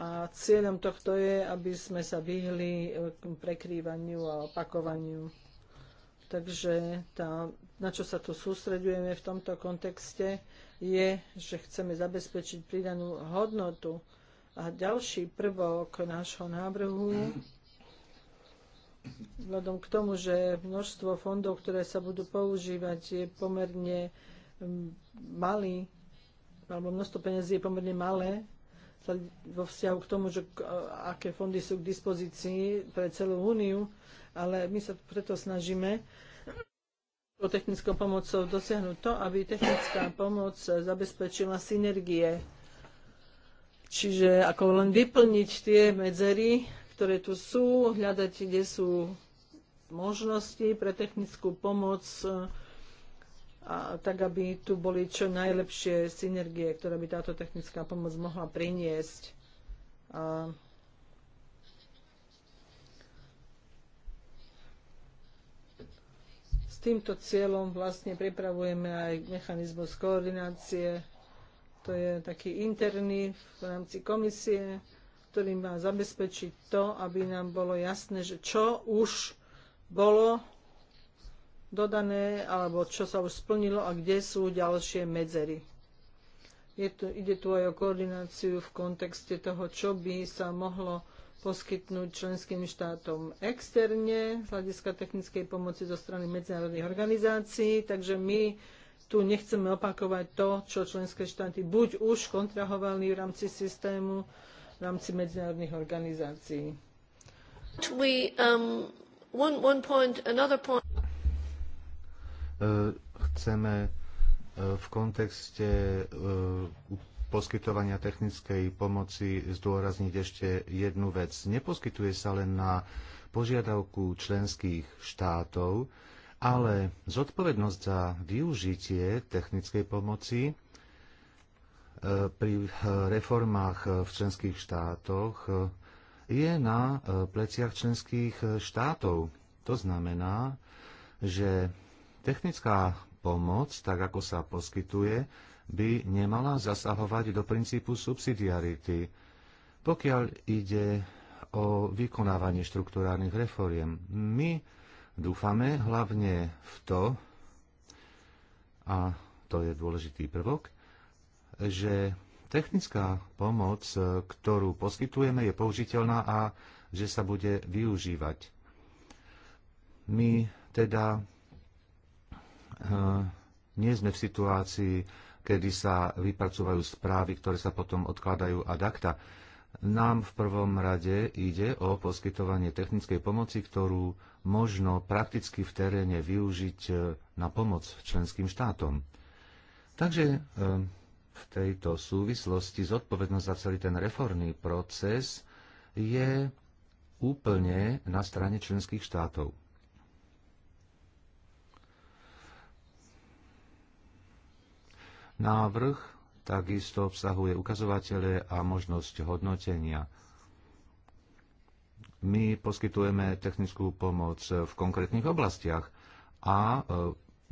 A cieľom tohto je, aby sme sa vyhli e, prekrývaniu a opakovaniu. Takže tá, na čo sa tu sústredujeme v tomto kontexte, je, že chceme zabezpečiť pridanú hodnotu a ďalší prvok nášho návrhu vzhľadom k tomu, že množstvo fondov, ktoré sa budú používať, je pomerne malý, alebo množstvo peniazí je pomerne malé vo vzťahu k tomu, že aké fondy sú k dispozícii pre celú úniu, ale my sa preto snažíme o technickou pomocou dosiahnuť to, aby technická pomoc zabezpečila synergie Čiže ako len vyplniť tie medzery, ktoré tu sú, hľadať, kde sú možnosti pre technickú pomoc, a tak aby tu boli čo najlepšie synergie, ktoré by táto technická pomoc mohla priniesť. A s týmto cieľom vlastne pripravujeme aj mechanizmus koordinácie to je taký interný v rámci komisie, ktorý má zabezpečiť to, aby nám bolo jasné, že čo už bolo dodané, alebo čo sa už splnilo a kde sú ďalšie medzery. Je tu, ide tu aj o koordináciu v kontexte toho, čo by sa mohlo poskytnúť členským štátom externe z hľadiska technickej pomoci zo strany medzinárodných organizácií. Takže my tu nechceme opakovať to, čo členské štáty buď už kontrahovali v rámci systému, v rámci medzinárodných organizácií. um, one, one point, point. E, chceme e, v kontexte e, poskytovania technickej pomoci zdôrazniť ešte jednu vec. Neposkytuje sa len na požiadavku členských štátov, ale zodpovednosť za využitie technickej pomoci e, pri e, reformách v členských štátoch e, je na pleciach členských štátov. To znamená, že technická pomoc, tak ako sa poskytuje, by nemala zasahovať do princípu subsidiarity, pokiaľ ide o vykonávanie štruktúrálnych reforiem. My Dúfame hlavne v to, a to je dôležitý prvok, že technická pomoc, ktorú poskytujeme, je použiteľná a že sa bude využívať. My teda e, nie sme v situácii, kedy sa vypracúvajú správy, ktoré sa potom odkladajú ad acta. Nám v prvom rade ide o poskytovanie technickej pomoci, ktorú možno prakticky v teréne využiť e, na pomoc členským štátom. Takže e, v tejto súvislosti zodpovednosť za celý ten reformný proces je úplne na strane členských štátov. Návrh takisto obsahuje ukazovatele a možnosť hodnotenia. My poskytujeme technickú pomoc v konkrétnych oblastiach a e,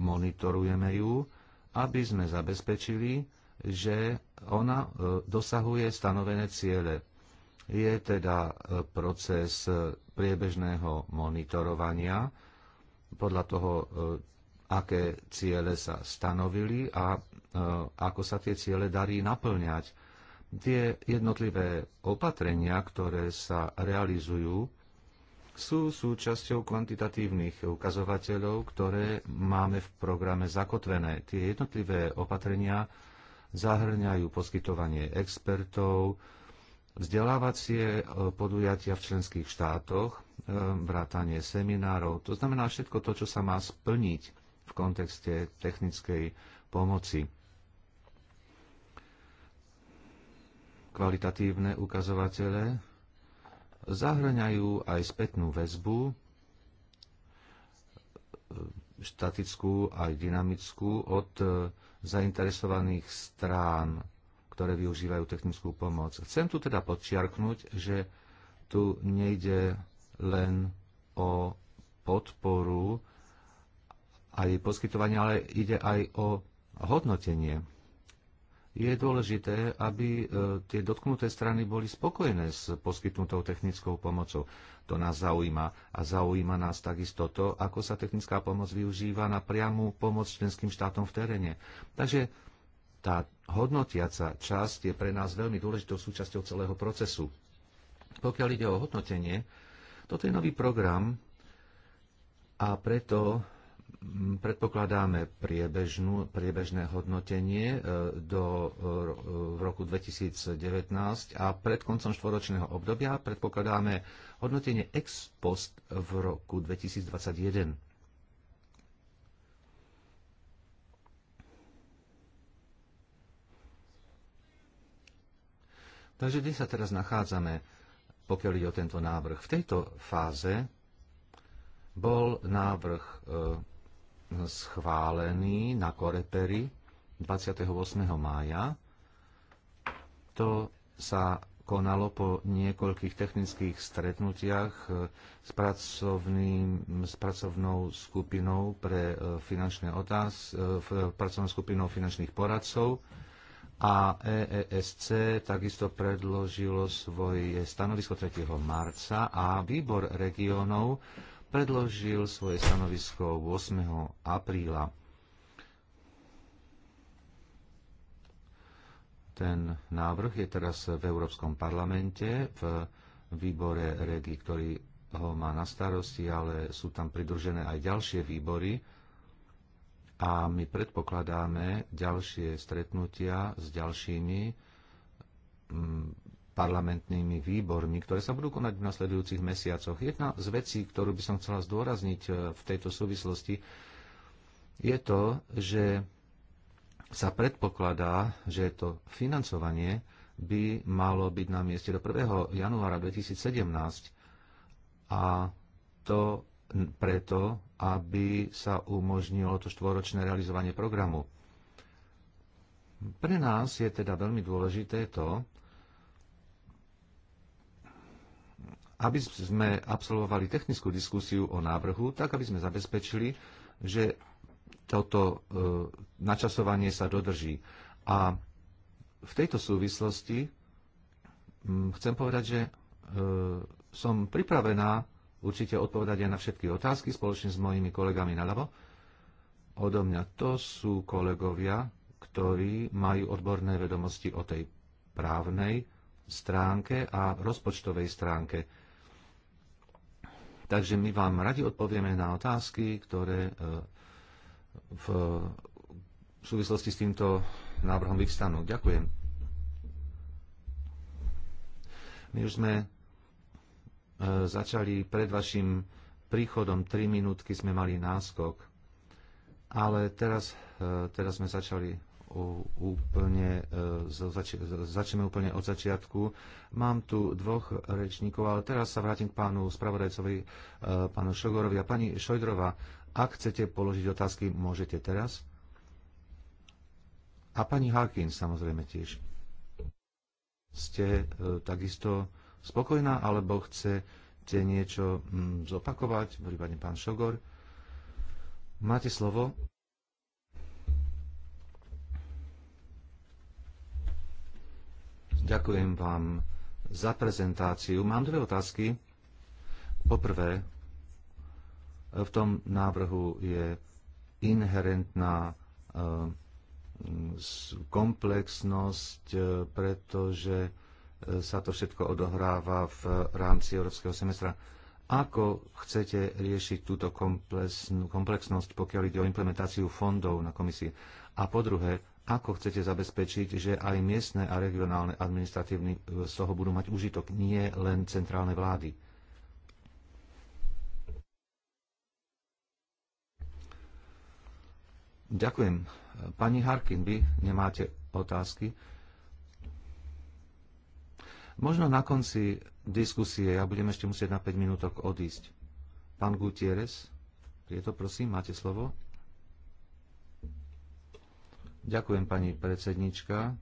monitorujeme ju, aby sme zabezpečili, že ona e, dosahuje stanovené ciele. Je teda e, proces priebežného monitorovania podľa toho, aké ciele sa stanovili a E, ako sa tie ciele darí naplňať. Tie jednotlivé opatrenia, ktoré sa realizujú, sú súčasťou kvantitatívnych ukazovateľov, ktoré máme v programe zakotvené. Tie jednotlivé opatrenia zahrňajú poskytovanie expertov, vzdelávacie e, podujatia v členských štátoch, e, vrátanie seminárov. To znamená všetko to, čo sa má splniť v kontexte technickej pomoci. kvalitatívne ukazovatele zahrňajú aj spätnú väzbu, štatickú aj dynamickú od e, zainteresovaných strán, ktoré využívajú technickú pomoc. Chcem tu teda podčiarknúť, že tu nejde len o podporu a jej poskytovanie, ale ide aj o hodnotenie je dôležité, aby e, tie dotknuté strany boli spokojné s poskytnutou technickou pomocou. To nás zaujíma a zaujíma nás takisto to, ako sa technická pomoc využíva na priamu pomoc členským štátom v teréne. Takže tá hodnotiaca časť je pre nás veľmi dôležitou súčasťou celého procesu. Pokiaľ ide o hodnotenie, toto je nový program a preto Predpokladáme priebežnú, priebežné hodnotenie e, do, e, v roku 2019 a pred koncom štvoročného obdobia predpokladáme hodnotenie ex post v roku 2021. Takže kde sa teraz nachádzame, pokiaľ ide o tento návrh? V tejto fáze bol návrh e, schválený na Korepery 28. mája. To sa konalo po niekoľkých technických stretnutiach eh, s, pracovným, s pracovnou skupinou pre eh, finančné otáz, eh, pracovnou skupinou finančných poradcov a EESC takisto predložilo svoje stanovisko 3. marca a výbor regiónov predložil svoje stanovisko 8. apríla. Ten návrh je teraz v Európskom parlamente, v výbore REGI, ktorý ho má na starosti, ale sú tam pridružené aj ďalšie výbory a my predpokladáme ďalšie stretnutia s ďalšími mm, parlamentnými výbormi, ktoré sa budú konať v nasledujúcich mesiacoch. Jedna z vecí, ktorú by som chcela zdôrazniť e, v tejto súvislosti, je to, že sa predpokladá, že to financovanie by malo byť na mieste do 1. januára 2017 a to preto, aby sa umožnilo to štvoročné realizovanie programu. Pre nás je teda veľmi dôležité to, aby sme absolvovali technickú diskusiu o návrhu, tak aby sme zabezpečili, že toto e, načasovanie sa dodrží. A v tejto súvislosti chcem povedať, že e, som pripravená určite odpovedať aj na všetky otázky spoločne s mojimi kolegami naľavo. Odo mňa to sú kolegovia, ktorí majú odborné vedomosti o tej právnej stránke a rozpočtovej stránke Takže my vám radi odpovieme na otázky, ktoré e, v súvislosti s týmto návrhom vyvstanú. Ďakujem. My už sme e, začali pred vašim príchodom 3 minútky sme mali náskok, ale teraz, e, teraz sme začali úplne, e, začneme úplne od začiatku. Mám tu dvoch rečníkov, ale teraz sa vrátim k pánu spravodajcovi, e, pánu Šogorovi a pani Šojdrova. Ak chcete položiť otázky, môžete teraz. A pani Harkin samozrejme tiež. Ste e, takisto spokojná, alebo chcete niečo mm, zopakovať, prípadne pán Šogor? Máte slovo. Ďakujem vám za prezentáciu. Mám dve otázky. Poprvé, v tom návrhu je inherentná eh, komplexnosť, eh, pretože eh, sa to všetko odohráva v rámci európskeho semestra. Ako chcete riešiť túto komplexnosť, pokiaľ ide o implementáciu fondov na komisii? A po druhé, ako chcete zabezpečiť, že aj miestne a regionálne administratívny e, z toho budú mať užitok, nie len centrálne vlády? Ďakujem. Pani Harkin, vy nemáte otázky? Možno na konci diskusie, ja budem ešte musieť na 5 minútok odísť. Pán Gutierrez, je to prosím, máte slovo? Ďakujem, pani predsednička.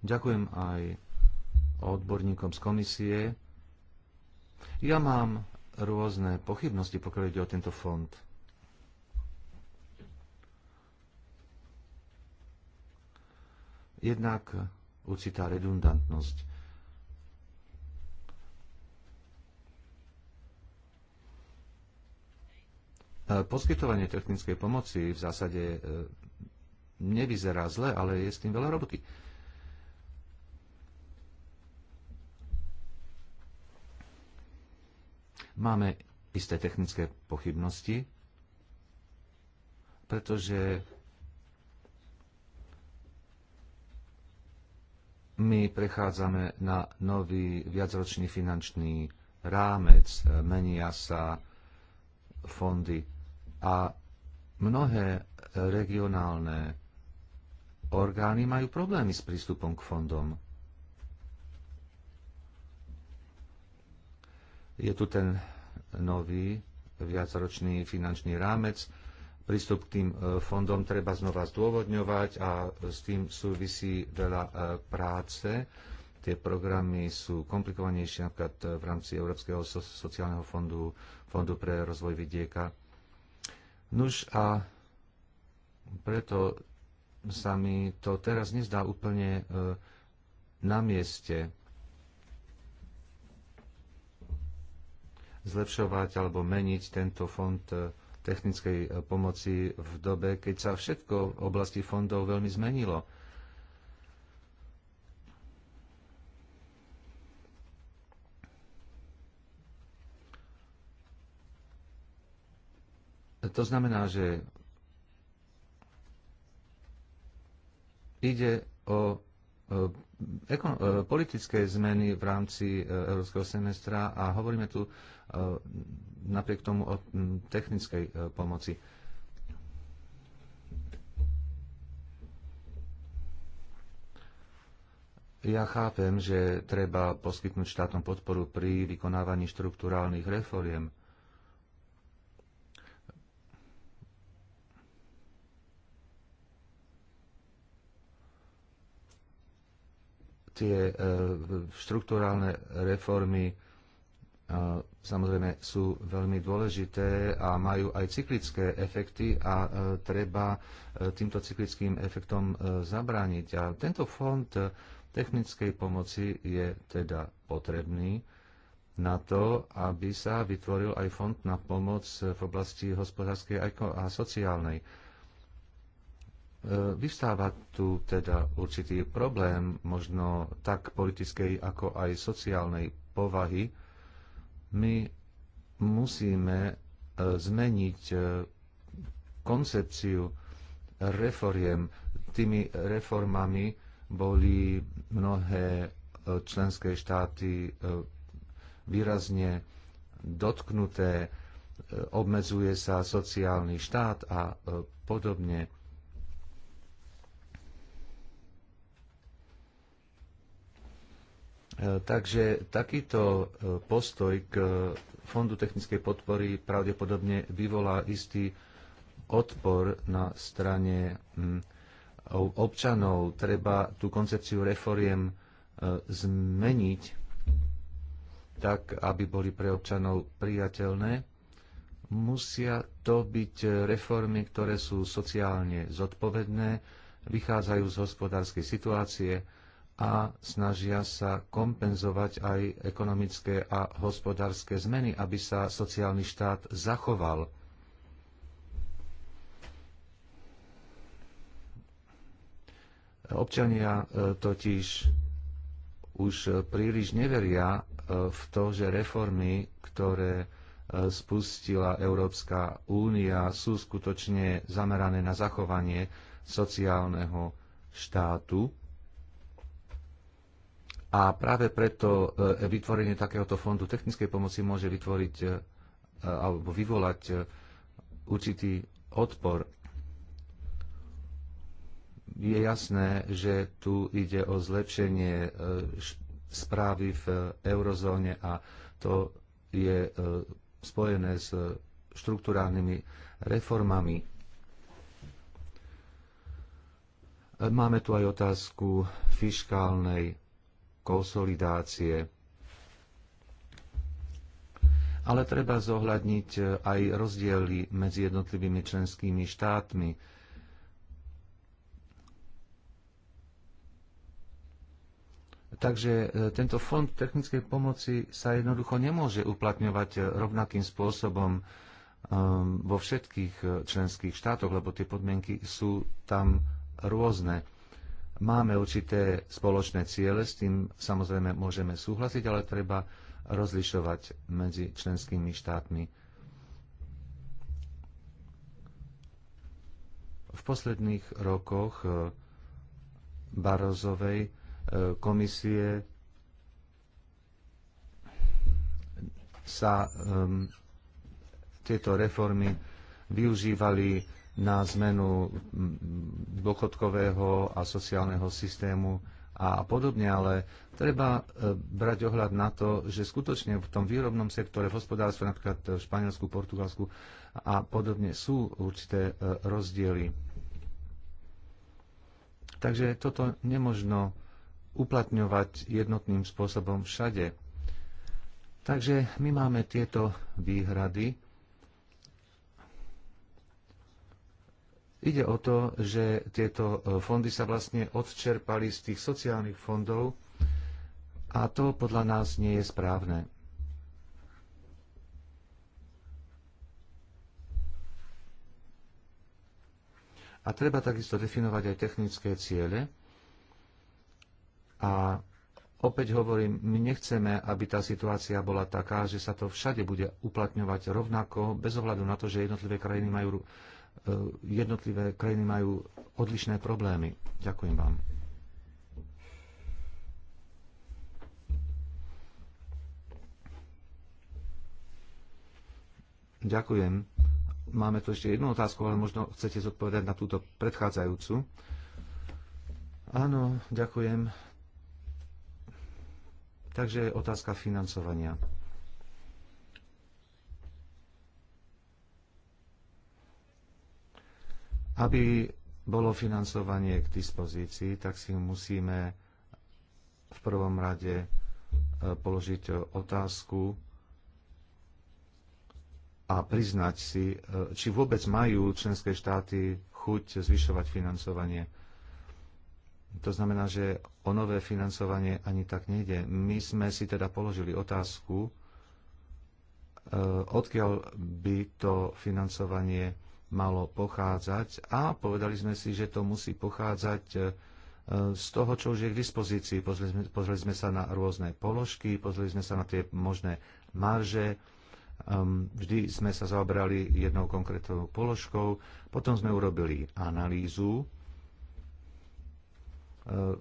Ďakujem aj odborníkom z komisie. Ja mám rôzne pochybnosti, pokiaľ ide o tento fond. Jednak určitá redundantnosť E, poskytovanie technickej pomoci v zásade e, nevyzerá zle, ale je s tým veľa roboty. Máme isté technické pochybnosti, pretože my prechádzame na nový viacročný finančný rámec, e, menia sa fondy a mnohé regionálne orgány majú problémy s prístupom k fondom. Je tu ten nový viacročný finančný rámec. Prístup k tým e, fondom treba znova zdôvodňovať a s tým súvisí veľa e, práce. Tie programy sú komplikovanejšie napríklad v rámci Európskeho sociálneho fondu, Fondu pre rozvoj vidieka Nuž a preto sa mi to teraz nezdá úplne e, na mieste zlepšovať alebo meniť tento fond e, technickej e, pomoci v dobe, keď sa všetko v oblasti fondov veľmi zmenilo. E, to znamená, že ide o e, politické zmeny v rámci e, európskeho semestra a hovoríme tu napriek tomu o technickej pomoci. Ja chápem, že treba poskytnúť štátom podporu pri vykonávaní štruktúrálnych reforiem. tie e, štruktúrálne reformy e, samozrejme sú veľmi dôležité a majú aj cyklické efekty a e, treba týmto cyklickým efektom zabrániť. A tento fond technickej pomoci je teda potrebný na to, aby sa vytvoril aj fond na pomoc v oblasti hospodárskej a sociálnej. E, Vystáva tu teda určitý problém, možno tak politickej, ako aj sociálnej povahy. My musíme e, zmeniť e, koncepciu reforiem. Tými reformami boli mnohé členské štáty výrazne dotknuté, obmedzuje sa sociálny štát a podobne E, takže takýto e, postoj k e, Fondu technickej podpory pravdepodobne vyvolá istý odpor na strane mm, občanov. Treba tú koncepciu reforiem zmeniť tak, aby boli pre občanov priateľné. Musia to byť reformy, ktoré sú sociálne zodpovedné, vychádzajú z hospodárskej situácie, a snažia sa kompenzovať aj ekonomické a hospodárske zmeny, aby sa sociálny štát zachoval. Občania e, totiž už príliš neveria e, v to, že reformy, ktoré e, spustila Európska únia, sú skutočne zamerané na zachovanie sociálneho štátu a práve preto e, vytvorenie takéhoto fondu technickej pomoci môže vytvoriť e, e, alebo vyvolať určitý odpor. Je jasné, že tu ide o zlepšenie správy v eurozóne a to je spojené s štruktúrálnymi reformami. Máme tu aj otázku fiškálnej konsolidácie. Ale treba zohľadniť eh, aj rozdiely medzi jednotlivými členskými štátmi. Takže eh, tento fond technickej pomoci sa jednoducho nemôže uplatňovať eh, rovnakým spôsobom ehm, vo všetkých členských štátoch, lebo tie podmienky sú tam rôzne. Máme určité spoločné ciele, s tým samozrejme môžeme súhlasiť, ale treba rozlišovať medzi členskými štátmi. V posledných rokoch eh, Barozovej eh, komisie sa um, tieto reformy využívali na zmenu dôchodkového a sociálneho systému a podobne, ale treba e, brať ohľad na to, že skutočne v tom výrobnom sektore, v hospodárstve, napríklad v Španielsku, Portugalsku a podobne, sú určité e, rozdiely. Takže toto nemožno uplatňovať jednotným spôsobom všade. Takže my máme tieto výhrady Ide o to, že tieto e, fondy sa vlastne odčerpali z tých sociálnych fondov a to podľa nás nie je správne. A treba takisto definovať aj technické ciele. A opäť hovorím, my nechceme, aby tá situácia bola taká, že sa to všade bude uplatňovať rovnako, bez ohľadu na to, že jednotlivé krajiny majú E, jednotlivé krajiny majú odlišné problémy. Ďakujem vám. Ďakujem. Máme tu ešte jednu otázku, ale možno chcete zodpovedať na túto predchádzajúcu. Áno, ďakujem. Takže otázka financovania. Aby bolo financovanie k dispozícii, tak si musíme v prvom rade e, položiť otázku a priznať si, e, či vôbec majú členské štáty chuť zvyšovať financovanie. To znamená, že o nové financovanie ani tak nejde. My sme si teda položili otázku, e, odkiaľ by to financovanie malo pochádzať a povedali sme si, že to musí pochádzať e, z toho, čo už je k dispozícii. Pozreli sme, pozreli sme sa na rôzne položky, pozreli sme sa na tie možné marže, ehm, vždy sme sa zaobrali jednou konkrétnou položkou, potom sme urobili analýzu, e,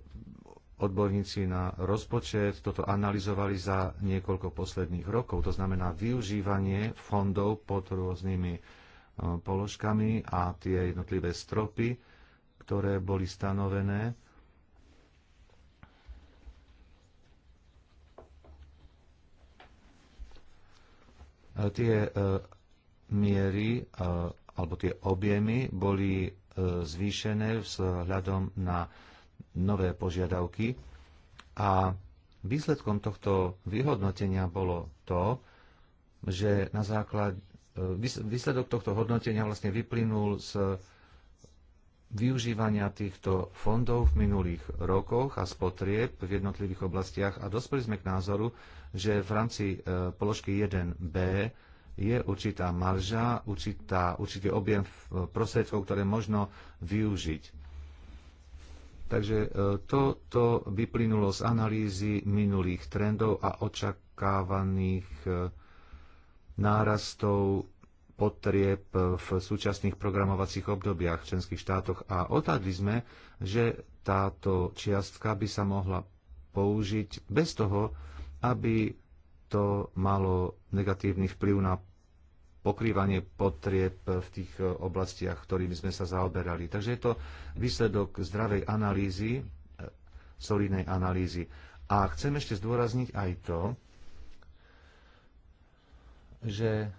odborníci na rozpočet toto analyzovali za niekoľko posledných rokov. To znamená využívanie fondov pod rôznymi E, položkami a tie jednotlivé stropy, ktoré boli stanovené. E, tie e, miery alebo tie objemy boli zvýšené vzhľadom na nové požiadavky a výsledkom tohto vyhodnotenia bolo to, že na základe Výsledok tohto hodnotenia vlastne vyplynul z využívania týchto fondov v minulých rokoch a spotrieb v jednotlivých oblastiach a dospeli sme k názoru, že v rámci e, položky 1b je určitá marža, určitá, určitý objem e, prostriedkov, ktoré možno využiť. Takže e, toto vyplynulo z analýzy minulých trendov a očakávaných nárastov potrieb v súčasných programovacích obdobiach v členských štátoch a odhadli sme, že táto čiastka by sa mohla použiť bez toho, aby to malo negatívny vplyv na pokrývanie potrieb v tých oblastiach, ktorými sme sa zaoberali. Takže je to výsledok zdravej analýzy, solidnej analýzy. A chcem ešte zdôrazniť aj to, že e,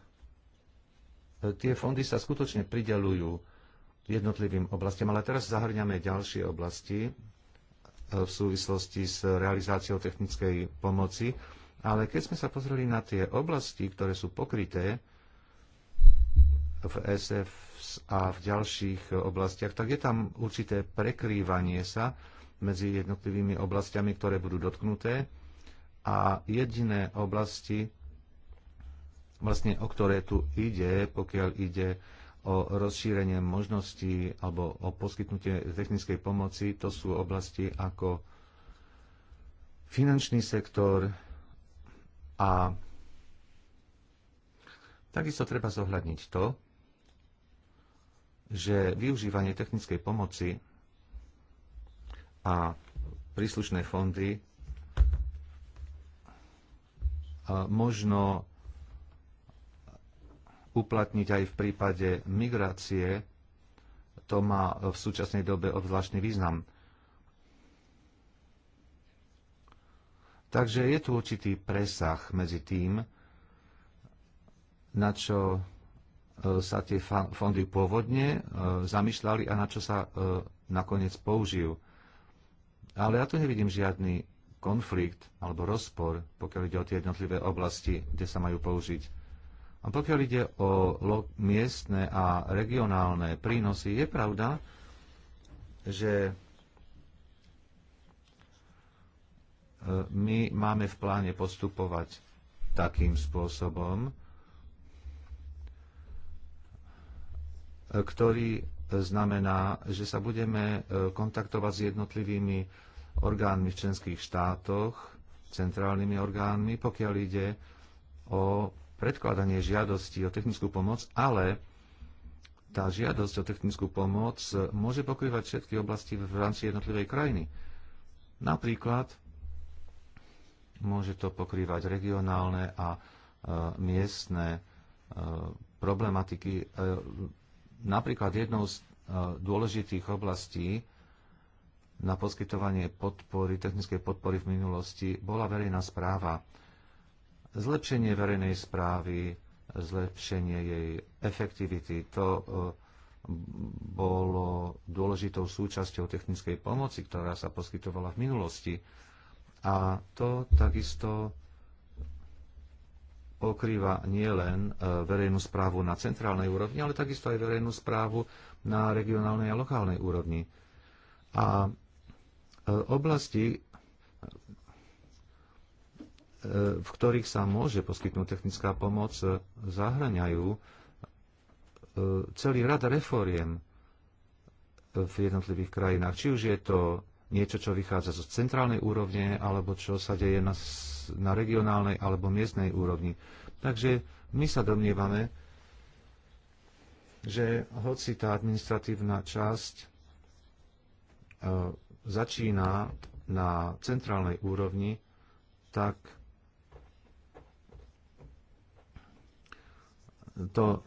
tie fondy sa skutočne pridelujú jednotlivým oblastiam, ale teraz zahrňame ďalšie oblasti e, v súvislosti s realizáciou technickej pomoci. Ale keď sme sa pozreli na tie oblasti, ktoré sú pokryté v SF a v ďalších oblastiach, tak je tam určité prekrývanie sa medzi jednotlivými oblastiami, ktoré budú dotknuté. A jediné oblasti, vlastne, o ktoré tu ide, pokiaľ ide o rozšírenie možností alebo o poskytnutie technickej pomoci, to sú oblasti ako finančný sektor a takisto treba zohľadniť to, že využívanie technickej pomoci a príslušné fondy možno uplatniť aj v prípade migrácie, to má v súčasnej dobe obzvláštny význam. Takže je tu určitý presah medzi tým, na čo e, sa tie fondy pôvodne e, zamýšľali a na čo sa e, nakoniec použijú. Ale ja tu nevidím žiadny konflikt alebo rozpor, pokiaľ ide o tie jednotlivé oblasti, kde sa majú použiť. A pokiaľ ide o miestne a regionálne prínosy, je pravda, že e, my máme v pláne postupovať takým spôsobom, ktorý znamená, že sa budeme e, kontaktovať s jednotlivými orgánmi v členských štátoch, centrálnymi orgánmi, pokiaľ ide o predkladanie žiadosti o technickú pomoc, ale tá žiadosť o technickú pomoc e, môže pokrývať všetky oblasti v rámci jednotlivej krajiny. Napríklad môže to pokrývať regionálne a e, miestne e, problematiky. E, napríklad jednou z e, dôležitých oblastí na poskytovanie podpory, technickej podpory v minulosti bola verejná správa. Zlepšenie verejnej správy, zlepšenie jej efektivity, to eh, bolo dôležitou súčasťou technickej pomoci, ktorá sa poskytovala v minulosti. A to takisto pokrýva nielen eh, verejnú správu na centrálnej úrovni, ale takisto aj verejnú správu na regionálnej a lokálnej úrovni. A eh, oblasti, E, v ktorých sa môže poskytnúť technická pomoc, e, zahraňajú e, celý rad reforiem v jednotlivých krajinách. Či už je to niečo, čo vychádza zo centrálnej úrovne, alebo čo sa deje na, na regionálnej alebo miestnej úrovni. Takže my sa domnievame, že hoci tá administratívna časť začína na centrálnej úrovni, tak to e,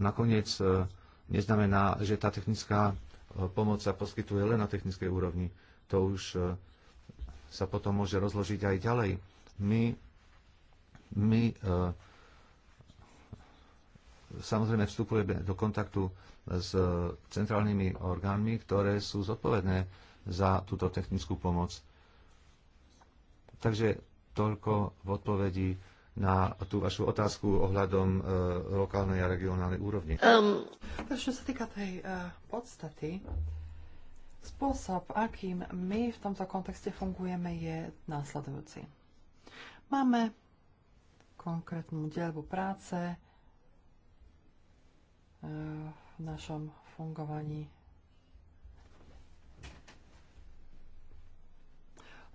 nakoniec e, neznamená, že tá technická e, pomoc sa poskytuje len na technickej úrovni. To už sa potom môže rozložiť aj ďalej. My, my samozrejme vstupujeme do kontaktu s centrálnymi orgánmi, ktoré sú zodpovedné za túto technickú pomoc. Takže toľko v odpovedi na tú vašu otázku ohľadom e, lokálnej a regionálnej úrovni. Um. Čo sa týka tej e, podstaty, spôsob, akým my v tomto kontexte fungujeme, je následujúci. Máme konkrétnu dielbu práce e, v našom fungovaní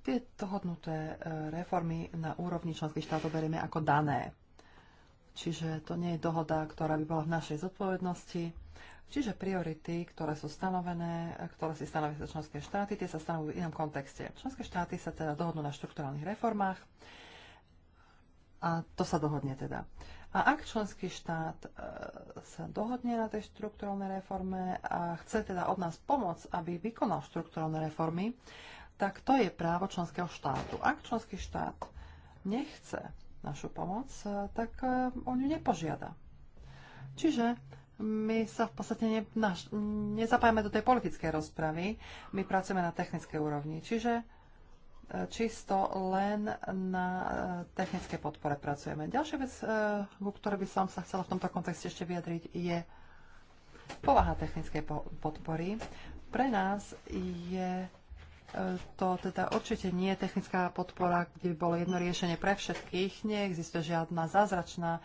Tie dohodnuté e, reformy na úrovni členských štátov berieme ako dané. Čiže to nie je dohoda, ktorá by bola v našej zodpovednosti. Čiže priority, ktoré sú stanovené, e, ktoré si stanovia členské štáty, tie sa stanovujú v inom kontexte. Členské štáty sa teda dohodnú na štrukturálnych reformách a to sa dohodne teda. A ak členský štát e, sa dohodne na tej štruktúrálnej reforme a chce teda od nás pomôcť, aby vykonal štruktúrálne reformy, tak to je právo členského štátu. Ak členský štát nechce našu pomoc, eh, tak eh, on ju nepožiada. Čiže my sa v podstate ne, naš, nezapájame do tej politickej rozpravy, my pracujeme na technickej úrovni, čiže eh, čisto len na technické podpore pracujeme. Ďalšia vec, ku ktorej by som sa chcela v tomto kontexte ešte vyjadriť, je povaha technickej podpory. Pre nás je to teda určite nie je technická podpora, kde by bolo jedno riešenie pre všetkých. Neexistuje žiadna zázračná e,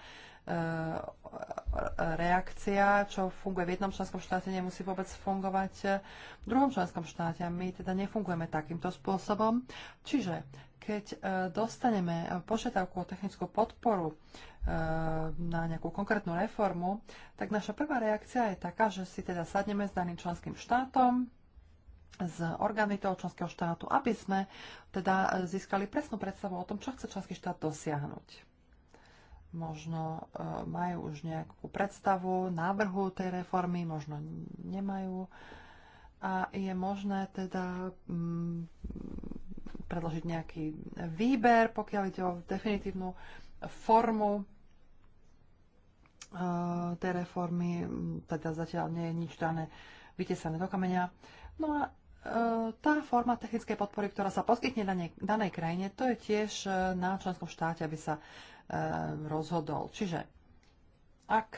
reakcia, čo funguje v jednom členskom štáte, nemusí vôbec fungovať e, v druhom členskom štáte. A my teda nefungujeme takýmto spôsobom. Čiže keď e, dostaneme požiadavku o technickú podporu na nejakú konkrétnu reformu, tak naša prvá reakcia je taká, že si teda sadneme s daným členským štátom, s orgánmi toho členského štátu, aby sme teda získali presnú predstavu o tom, čo chce členský štát dosiahnuť. Možno e, majú už nejakú predstavu, návrhu tej reformy, možno nemajú. A je možné teda mm, predložiť nejaký výber, pokiaľ ide o definitívnu formu e, tej reformy, teda zatiaľ nie je nič dané vytesané do kameňa. No a e, tá forma technickej podpory, ktorá sa poskytne danej, danej krajine, to je tiež e, na členskom štáte, aby sa e, rozhodol. Čiže ak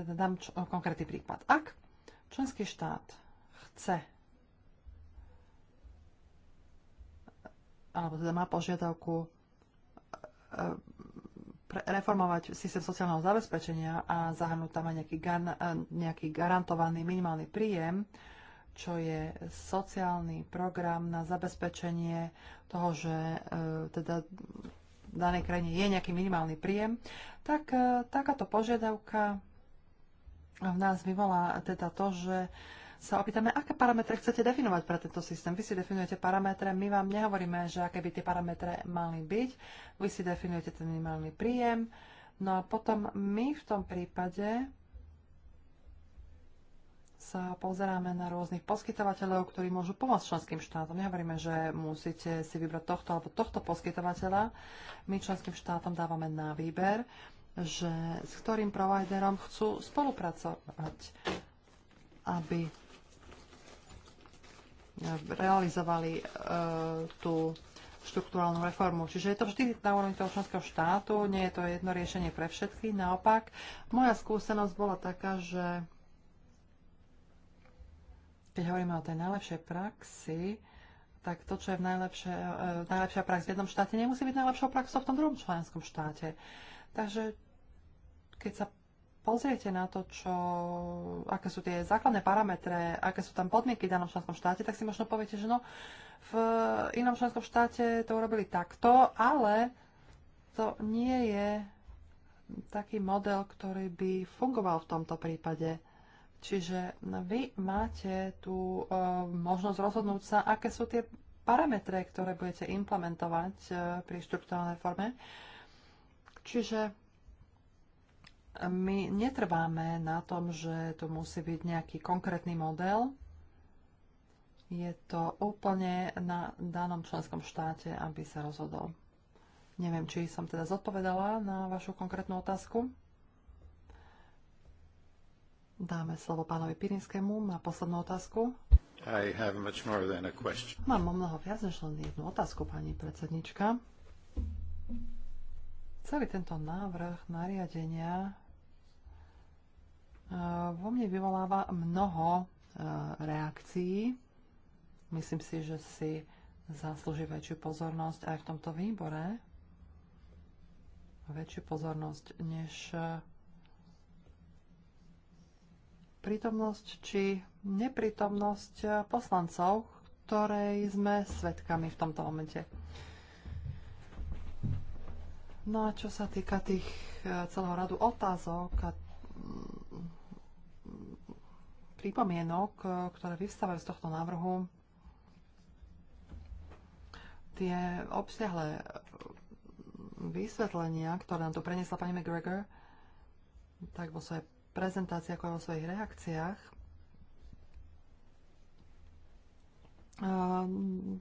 teda dám čo, konkrétny príklad. Ak členský štát chce alebo teda má požiadavku reformovať systém sociálneho zabezpečenia a zahrnúť tam aj nejaký, gan, eh, nejaký garantovaný minimálny príjem, čo je sociálny program na zabezpečenie toho, že e, teda v danej krajine je nejaký minimálny príjem, tak e, takáto požiadavka v nás vyvolá teda to, že e, sa opýtame, aké parametre chcete definovať pre tento systém. Vy si definujete parametre, my vám nehovoríme, že aké by tie parametre mali byť. Vy si definujete ten minimálny príjem. No a potom my v tom prípade sa pozeráme na rôznych poskytovateľov, ktorí môžu pomôcť členským štátom. Nehovoríme, že musíte si vybrať tohto alebo tohto poskytovateľa. My členským štátom dávame na výber, že s ktorým providerom chcú spolupracovať, aby realizovali e, tú štruktúrálnu reformu. Čiže je to vždy na úrovni toho členského štátu, nie je to jedno riešenie pre všetky. Naopak, moja skúsenosť bola taká, že keď hovoríme o tej najlepšej praxi, tak to, čo je v najlepšie, e, najlepšia prax v jednom štáte, nemusí byť najlepšou praxou v tom druhom členskom štáte. Takže keď sa pozriete na to, čo, aké sú tie základné parametre, aké sú tam podmienky v danom členskom štáte, tak si možno poviete, že no, v inom členskom štáte to urobili takto, ale to nie je taký model, ktorý by fungoval v tomto prípade. Čiže vy máte tú e, možnosť rozhodnúť sa, aké sú tie parametre, ktoré budete implementovať e, pri štruktúrnej forme. Čiže my netrváme na tom, že tu musí byť nejaký konkrétny model. Je to úplne na danom členskom štáte, aby sa rozhodol. Neviem, či som teda zodpovedala na vašu konkrétnu otázku. Dáme slovo pánovi Pirinskému na poslednú otázku. I have much more than a question. Mám o mnoho viac než len jednu otázku, pani predsednička. Celý tento návrh nariadenia vo mne vyvoláva mnoho e, reakcií. Myslím si, že si zaslúži väčšiu pozornosť aj v tomto výbore. Väčšiu pozornosť než e, prítomnosť či neprítomnosť e, poslancov, ktorej sme svetkami v tomto momente. No a čo sa týka tých celého radu otázok a mm, pripomienok, e, ktoré vyvstávajú z tohto návrhu. Tie obsiahle vysvetlenia, ktoré nám tu preniesla pani McGregor, tak vo svojej prezentácii, ako aj vo svojich reakciách, e,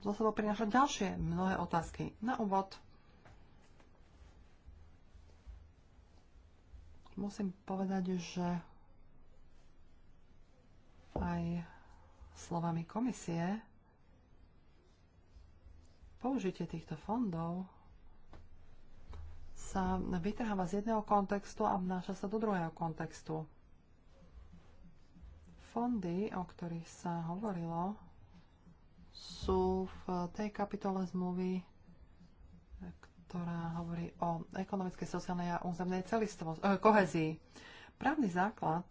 zo sebou prináša ďalšie mnohé otázky. Na úvod musím povedať, že aj slovami komisie, použitie týchto fondov sa vytrháva z jedného kontextu a vnáša sa do druhého kontextu. Fondy, o ktorých sa hovorilo, sú v tej kapitole zmluvy, ktorá hovorí o ekonomickej, sociálnej a územnej celistvo, eh, kohezii. Právny základ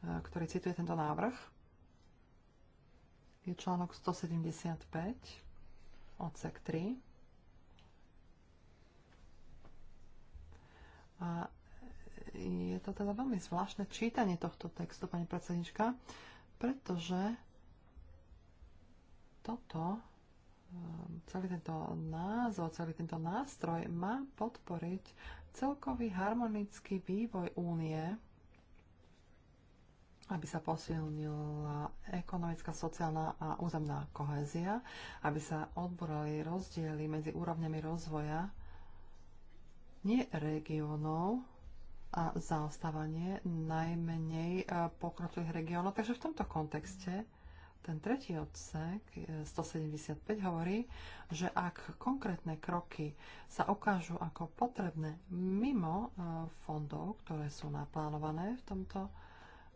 E, ktorý cituje tento návrh. Je článok 175, odsek 3. A je to teda veľmi zvláštne čítanie tohto textu, pani predsednička, pretože toto, e, celý tento názov, celý tento nástroj má podporiť celkový harmonický vývoj únie aby sa posilnila ekonomická, sociálna a územná kohézia, aby sa odborali rozdiely medzi úrovňami rozvoja nie regiónov a zaostávanie najmenej e, pokročilých regiónov. Takže v tomto kontexte ten tretí odsek 175 e, hovorí, že ak konkrétne kroky sa ukážu ako potrebné mimo e, fondov, ktoré sú naplánované v tomto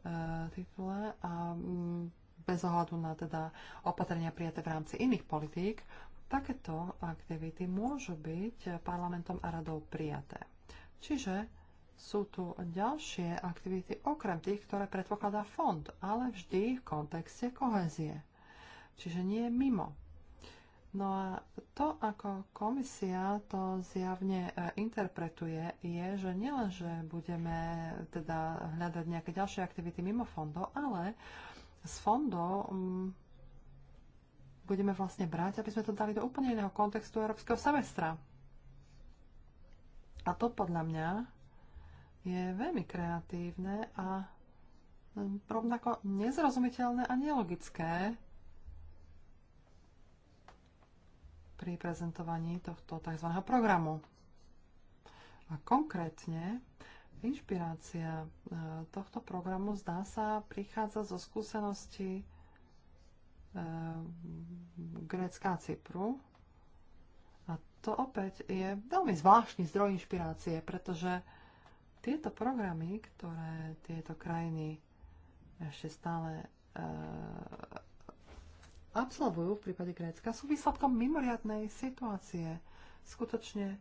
E, titule a mm, bez ohľadu na teda opatrenia prijaté v rámci iných politík, takéto aktivity môžu byť parlamentom a radou prijaté. Čiže sú tu ďalšie aktivity okrem tých, ktoré predpokladá fond, ale vždy v kontexte kohezie. Čiže nie mimo. No a to, ako komisia to zjavne e, interpretuje, je, že nielen, že budeme teda hľadať nejaké ďalšie aktivity mimo fondov, ale z fondov mm, budeme vlastne brať, aby sme to dali do úplne iného kontextu európskeho semestra. A to podľa mňa je veľmi kreatívne a mm, rovnako nezrozumiteľné a nelogické, pri prezentovaní tohto tzv. programu. A konkrétne inšpirácia e, tohto programu zdá sa prichádza zo skúsenosti e, Grécka a Cypru. A to opäť je veľmi zvláštny zdroj inšpirácie, pretože tieto programy, ktoré tieto krajiny ešte stále e, absolvujú v prípade Grécka, sú výsledkom mimoriadnej situácie, skutočne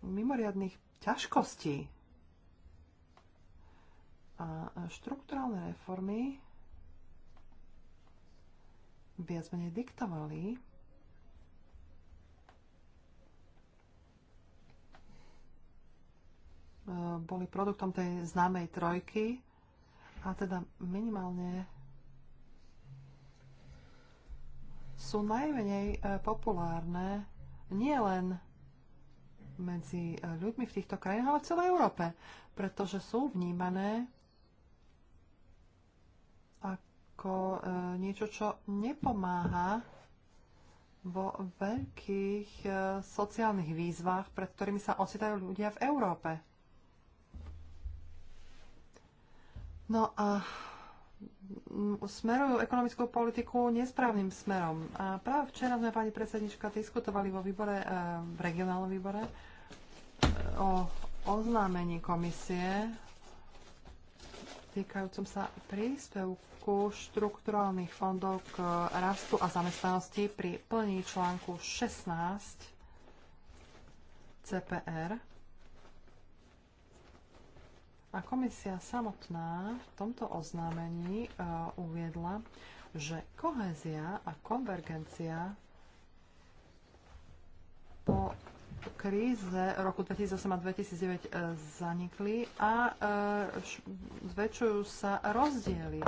mimoriadných ťažkostí. A štruktúrálne reformy viac menej diktovali e, boli produktom tej známej trojky a teda minimálne sú najmenej e, populárne nielen medzi e, ľuďmi v týchto krajinách, ale v celej Európe, pretože sú vnímané ako e, niečo, čo nepomáha vo veľkých sociálnych výzvach, pred ktorými sa ocitajú ľudia v Európe. No a smerujú ekonomickú politiku nesprávnym smerom. A práve včera sme, pani predsednička, diskutovali vo výbore, e, v regionálnom výbore e, o oznámení komisie týkajúcom sa príspevku štrukturálnych fondov k rastu a zamestnanosti pri plní článku 16 CPR a komisia samotná v tomto oznámení e, uviedla, že kohézia a konvergencia po kríze roku 2008 a 2009 e, zanikli a e, zväčšujú sa rozdiely.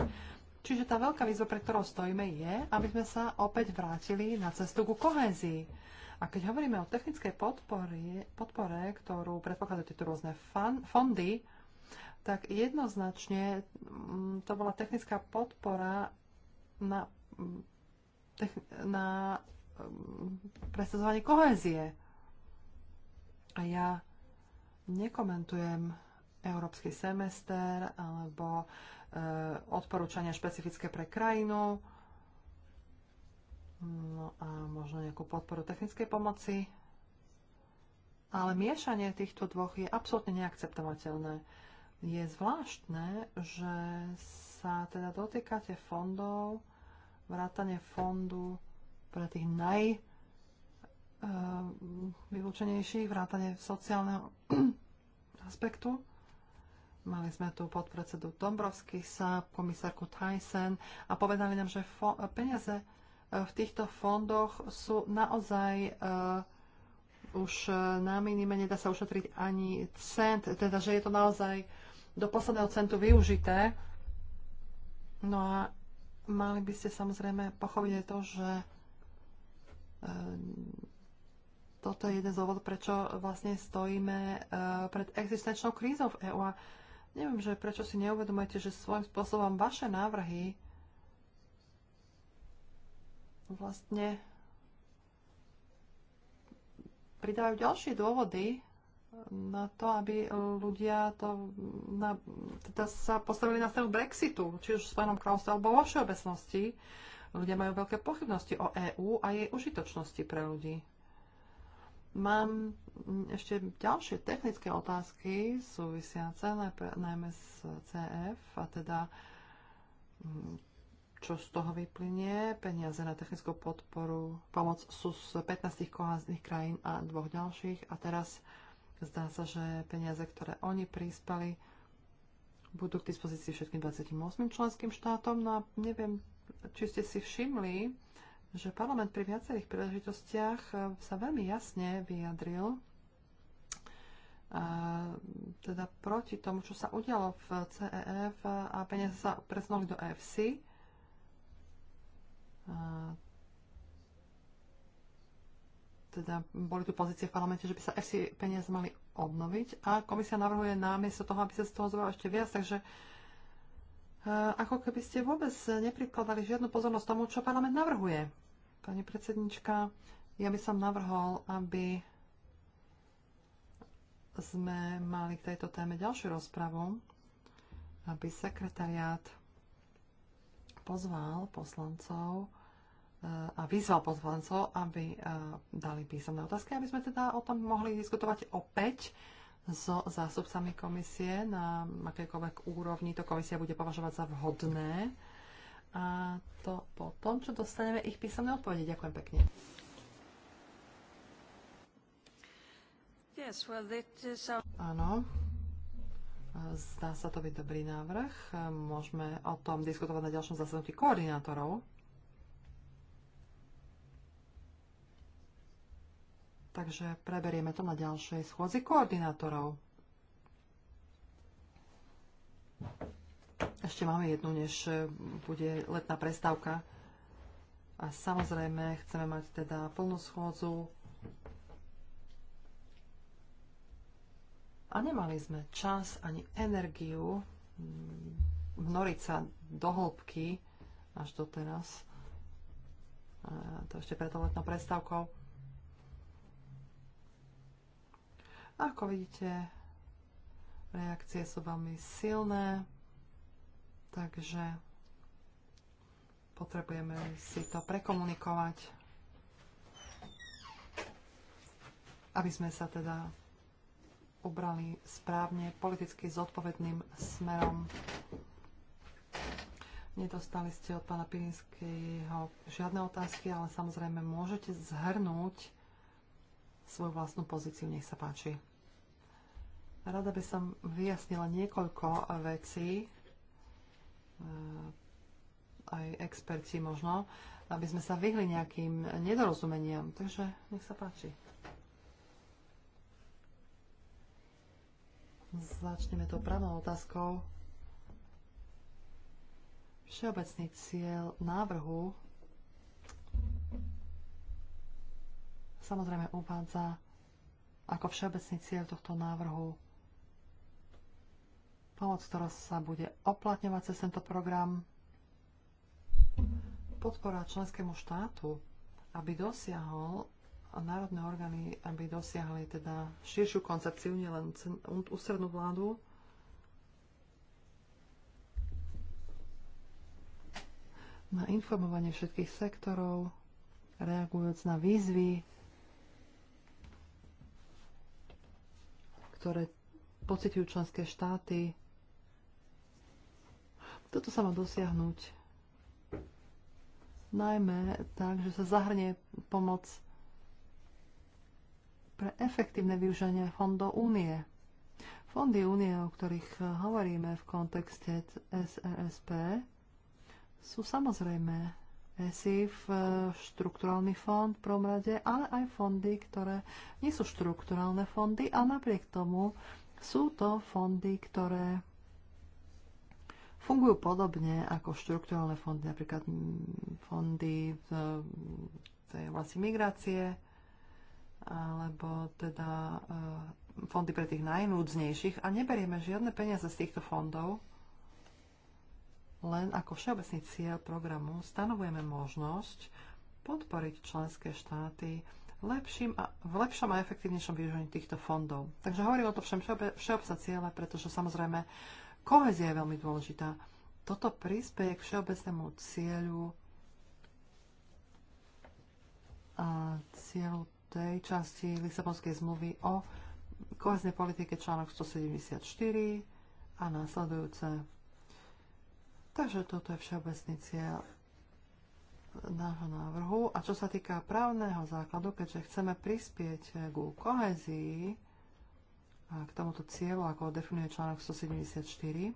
Čiže tá veľká výzva, pre ktorou stojíme, je, aby sme sa opäť vrátili na cestu ku kohézii. A keď hovoríme o technickej podpore, podpore ktorú predpokladajú tieto rôzne fan, fondy, tak jednoznačne mm, to bola technická podpora na, na mm, presadzovanie kohézie. A ja nekomentujem európsky semester alebo e, odporúčania špecifické pre krajinu, no a možno nejakú podporu technickej pomoci. Ale miešanie týchto dvoch je absolútne neakceptovateľné je zvláštne, že sa teda dotýkate fondov, vrátane fondu pre tých naj eh, vylúčenejších, vrátane sociálneho aspektu. Mali sme tu podpredsedu sa, komisárku Tyson a povedali nám, že peniaze eh, v týchto fondoch sú naozaj eh, už na minime, nedá sa ušetriť ani cent, teda že je to naozaj do posledného centu využité. No a mali by ste samozrejme pochopiť aj to, že e, toto je jeden z dôvodov, prečo vlastne stojíme e, pred existenčnou krízou v EÚ. A neviem, že prečo si neuvedomujete, že svojím spôsobom vaše návrhy vlastne pridávajú ďalšie dôvody na to, aby ľudia to na, teda sa postavili na stranu Brexitu, či už s pánom kráľovstvom alebo vo všeobecnosti. Ľudia majú veľké pochybnosti o EÚ a jej užitočnosti pre ľudí. Mám ešte ďalšie technické otázky súvisiace najmä s CF a teda hm, čo z toho vyplynie. Peniaze na technickú podporu, pomoc sú z 15 kohazných krajín a dvoch ďalších. A teraz Zdá sa, že peniaze, ktoré oni prispali, budú k dispozícii všetkým 28 členským štátom. No a neviem, či ste si všimli, že parlament pri viacerých príležitostiach eh, sa veľmi jasne vyjadril a, eh, teda proti tomu, čo sa udialo v CEF a peniaze sa presunuli do EFC. A, eh, teda boli tu pozície v parlamente, že by sa FC peniaze mali obnoviť a komisia navrhuje námiesto toho, aby sa z toho zvolila ešte viac, takže e, ako keby ste vôbec neprikladali žiadnu pozornosť tomu, čo parlament navrhuje. Pani predsednička, ja by som navrhol, aby sme mali k tejto téme ďalšiu rozpravu, aby sekretariát pozval poslancov a vyzval pozvancov, aby e, dali písomné otázky, aby sme teda o tom mohli diskutovať opäť so zástupcami komisie na akékoľvek úrovni to komisia bude považovať za vhodné. A to po tom, čo dostaneme ich písomné odpovede. Ďakujem pekne. Yes, well, our... Áno. Zdá sa to byť dobrý návrh. Môžeme o tom diskutovať na ďalšom zasadnutí koordinátorov. Takže preberieme to na ďalšej schôdzi koordinátorov. Ešte máme jednu, než bude letná prestávka. A samozrejme, chceme mať teda plnú schôdzu. A nemali sme čas ani energiu mm, vnoriť sa do hĺbky až doteraz. A to ešte pred letnou prestávkou. Ako vidíte, reakcie sú veľmi silné, takže potrebujeme si to prekomunikovať, aby sme sa teda ubrali správne politicky zodpovedným smerom. Nedostali ste od pána Pilinského žiadne otázky, ale samozrejme môžete zhrnúť svoju vlastnú pozíciu. Nech sa páči. Rada by som vyjasnila niekoľko vecí, ehm, aj experti možno, aby sme sa vyhli nejakým nedorozumeniam. Takže nech sa páči. Začneme tou pravou otázkou. Všeobecný cieľ návrhu samozrejme uvádza ako všeobecný cieľ tohto návrhu pomoc, ktorá sa bude oplatňovať cez tento program, podpora členskému štátu, aby dosiahol a národné orgány, aby dosiahli teda širšiu koncepciu, nielen ústrednú vládu, na informovanie všetkých sektorov, reagujúc na výzvy ktoré pociťujú členské štáty. Toto sa má dosiahnuť najmä tak, že sa zahrnie pomoc pre efektívne využívanie fondov únie. Fondy únie, o ktorých hovoríme v kontexte SRSP, sú samozrejme SIF, e, štrukturálny fond v prvom rade, ale aj fondy, ktoré nie sú štrukturálne fondy a napriek tomu sú to fondy, ktoré fungujú podobne ako štrukturálne fondy, napríklad fondy tej oblasti migrácie alebo teda e, fondy pre tých najnúdznejších a neberieme žiadne peniaze z týchto fondov, len ako všeobecný cieľ programu stanovujeme možnosť podporiť členské štáty lepším a, v lepšom a efektívnejšom využívaní týchto fondov. Takže hovorím o to všem všeobecné ciele, pretože samozrejme kohezia je veľmi dôležitá. Toto prispieje k všeobecnému cieľu a cieľu tej časti Lisabonskej zmluvy o koheznej politike článok 174 a následujúce Takže toto je všeobecný cieľ nášho návrhu. A čo sa týka právneho základu, keďže chceme prispieť ku kohezii a k tomuto cieľu, ako ho definuje článok 174,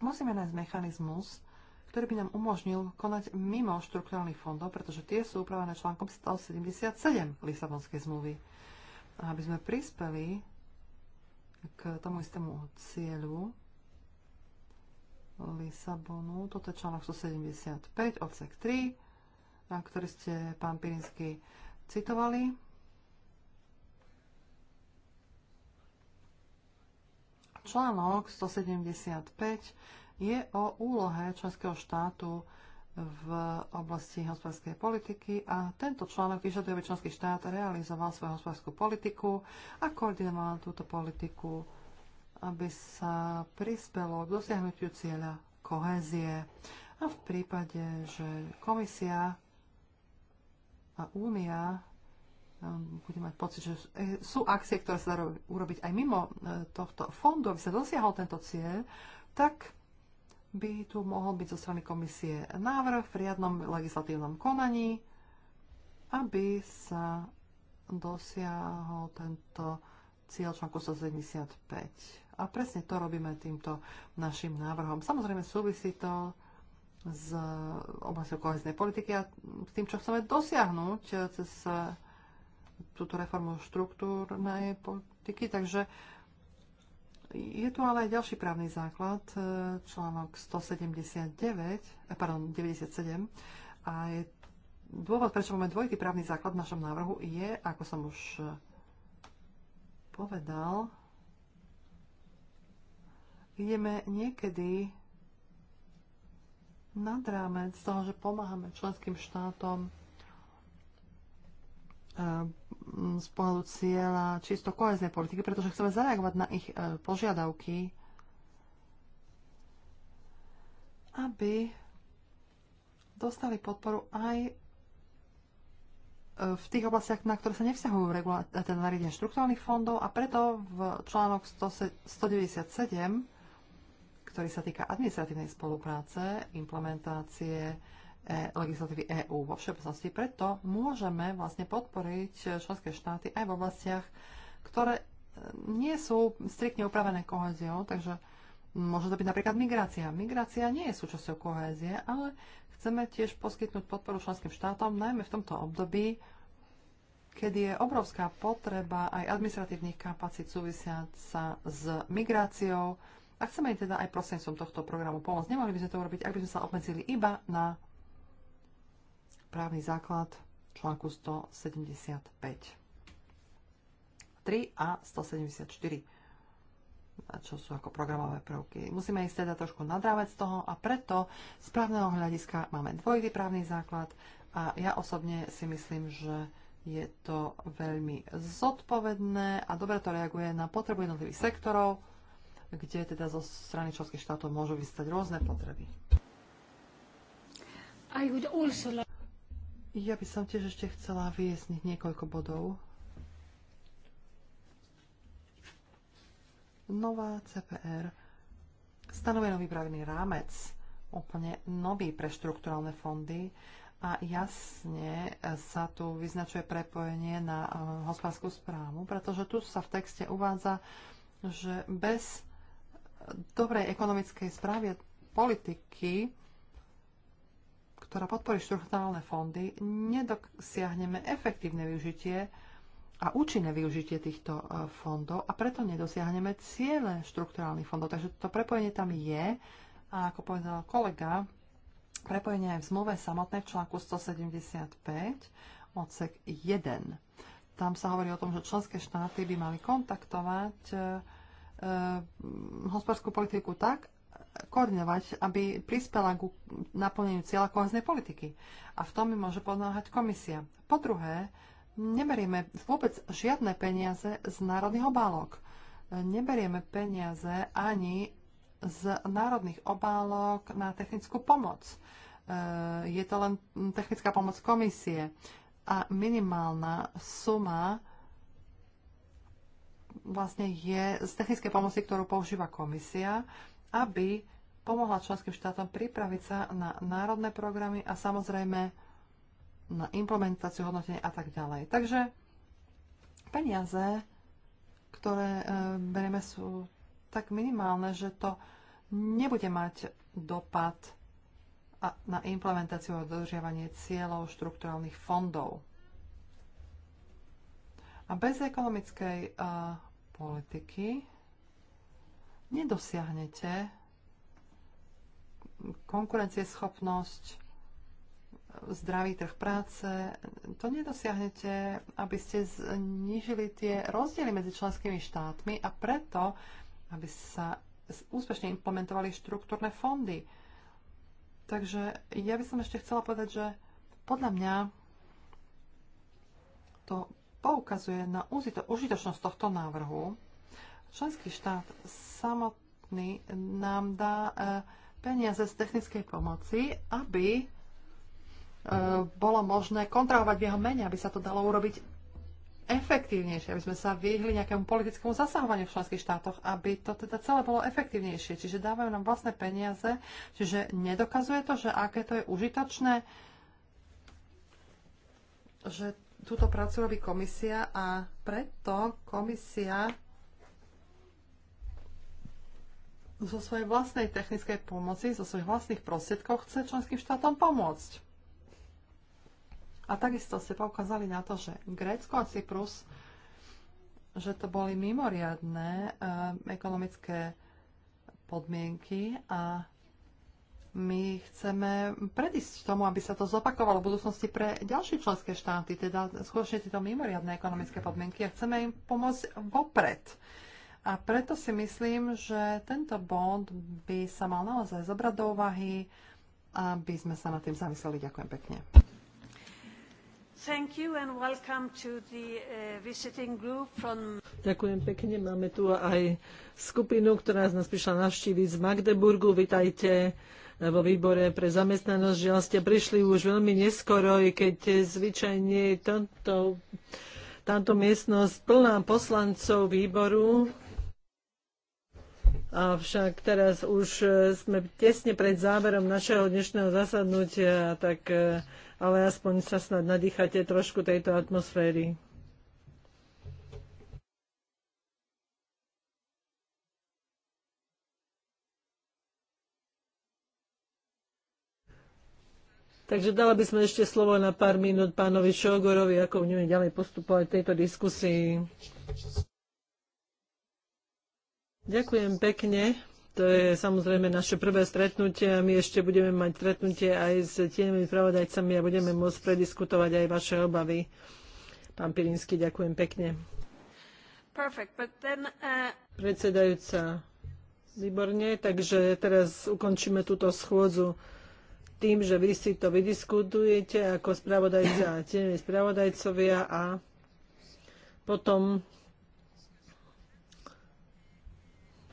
musíme nájsť mechanizmus, ktorý by nám umožnil konať mimo štrukturálnych fondov, pretože tie sú upravené článkom 177 Lisabonskej zmluvy. A aby sme prispeli k tomu istému cieľu, Lisabonu, toto je článok 175, odsek 3, na ktorý ste, pán Pirinsky, citovali. Článok 175 je o úlohe členského štátu v oblasti hospodárskej politiky a tento článok vyžaduje, aby členský štát realizoval svoju hospodárskú politiku a koordinoval túto politiku aby sa prispelo k dosiahnutiu cieľa kohézie. A v prípade, že komisia a únia um, bude mať pocit, že sú e, akcie, ktoré sa dajú urobiť aj mimo e, tohto fondu, aby sa dosiahol tento cieľ, tak by tu mohol byť zo strany komisie návrh v riadnom legislatívnom konaní, aby sa dosiahol tento cieľ článku 175. A presne to robíme týmto našim návrhom. Samozrejme súvisí to s oblasťou koheznej politiky a s tým, čo chceme dosiahnuť cez túto reformu štruktúrnej politiky. Takže je tu ale aj ďalší právny základ, článok 179, eh, pardon, 97. A je dôvod, prečo máme dvojitý právny základ v našom návrhu, je, ako som už povedal, ideme niekedy nad rámec toho, že pomáhame členským štátom eh, z pohľadu cieľa čisto koheznej politiky, pretože chceme zareagovať na ich eh, požiadavky, aby dostali podporu aj eh, v tých oblastiach, na ktoré sa nevzťahujú regulátorné nariadenia štruktúrnych fondov a preto v článok 197 ktorý sa týka administratívnej spolupráce, implementácie e, legislatívy EÚ vo všeobecnosti. Preto môžeme vlastne podporiť členské štáty aj v oblastiach, ktoré e, nie sú striktne upravené koheziou, takže môže to byť napríklad migrácia. Migrácia nie je súčasťou kohézie, ale chceme tiež poskytnúť podporu členským štátom, najmä v tomto období, kedy je obrovská potreba aj administratívnych kapacít sa s migráciou, a chceme im teda aj prostredníctvom tohto programu pomôcť. nemohli by sme to urobiť, ak by sme sa obmedzili iba na právny základ článku 175. 3 a 174 čo sú ako programové prvky. Musíme ísť teda trošku nadrávať z toho a preto z právneho hľadiska máme dvojitý právny základ a ja osobne si myslím, že je to veľmi zodpovedné a dobre to reaguje na potrebu jednotlivých sektorov kde teda zo strany členských štátov môžu vystať rôzne potreby. Ja by som tiež ešte chcela vyjasniť niekoľko bodov. Nová CPR stanovuje nový právny rámec, úplne nový pre štrukturálne fondy a jasne sa tu vyznačuje prepojenie na eh, hospodárskú správu, pretože tu sa v texte uvádza, že bez dobrej ekonomickej správy politiky, ktorá podporí štruktúrálne fondy, nedosiahneme efektívne využitie a účinné využitie týchto e, fondov a preto nedosiahneme ciele štruktúrálnych fondov. Takže to prepojenie tam je a ako povedal kolega, prepojenie aj v zmluve samotnej v článku 175 odsek 1. Tam sa hovorí o tom, že členské štáty by mali kontaktovať e, Eh, hospodárskú politiku tak koordinovať, aby prispela k naplneniu cieľa koheznej politiky. A v tom mi môže pomáhať komisia. Po druhé, neberieme vôbec žiadne peniaze z národných obálok. Neberieme peniaze ani z národných obálok na technickú pomoc. Eh, je to len technická pomoc komisie. A minimálna suma vlastne je z technickej pomoci, ktorú používa komisia, aby pomohla členským štátom pripraviť sa na národné programy a samozrejme na implementáciu, hodnotenie a tak ďalej. Takže peniaze, ktoré e, berieme, sú tak minimálne, že to nebude mať dopad a na implementáciu a dodržiavanie cieľov štrukturálnych fondov. A bez ekonomickej uh, politiky nedosiahnete konkurencieschopnosť, eh, zdravý trh práce. To nedosiahnete, aby ste znížili tie rozdiely medzi členskými štátmi a preto, aby sa úspešne implementovali štruktúrne fondy. Takže ja by som ešte chcela povedať, že podľa mňa to poukazuje na užitočnosť tohto návrhu. Členský štát samotný nám dá e, peniaze z technickej pomoci, aby e, bolo možné kontrolovať v jeho mene, aby sa to dalo urobiť efektívnejšie, aby sme sa vyhli nejakému politickému zasahovaniu v členských štátoch, aby to teda celé bolo efektívnejšie. Čiže dávajú nám vlastné peniaze, čiže nedokazuje to, že aké to je užitočné, že túto prácu robí komisia a preto komisia zo svojej vlastnej technickej pomoci, zo svojich vlastných prostriedkov chce členským štátom pomôcť. A takisto ste poukázali na to, že Grécko a Cyprus, že to boli mimoriadné e, eh, ekonomické podmienky a my chceme predísť tomu, aby sa to zopakovalo v budúcnosti pre ďalšie členské štáty, teda skutočne tieto mimoriadne ekonomické podmienky a chceme im pomôcť vopred. A preto si myslím, že tento bond by sa mal naozaj zobrať do úvahy, aby sme sa nad tým zamysleli. Ďakujem pekne. Eh, from... Ďakujem pekne. Máme tu aj skupinu, ktorá z nás prišla navštíviť z Magdeburgu. Vitajte vo výbore pre zamestnanosť, že ste vlastne prišli už veľmi neskoro, keď zvyčajne je táto, táto miestnosť plná poslancov výboru. Avšak teraz už eh, sme tesne pred záverom našeho dnešného zasadnutia, tak eh, ale aspoň sa snad nadýchate trošku tejto atmosféry. Takže dala by sme ešte slovo na pár minút pánovi Šogorovi, ako budeme ďalej postupovať v tejto diskusii. Ďakujem pekne. To je samozrejme naše prvé stretnutie a my ešte budeme mať stretnutie aj s tieňmi pravodajcami a budeme môcť prediskutovať aj vaše obavy. Pán Pirinsky, ďakujem pekne. Perfect, but then, uh... Predsedajúca, výborne, takže teraz ukončíme túto schôdzu tým, že vy si to vydiskutujete ako spravodajca a tiež spravodajcovia a potom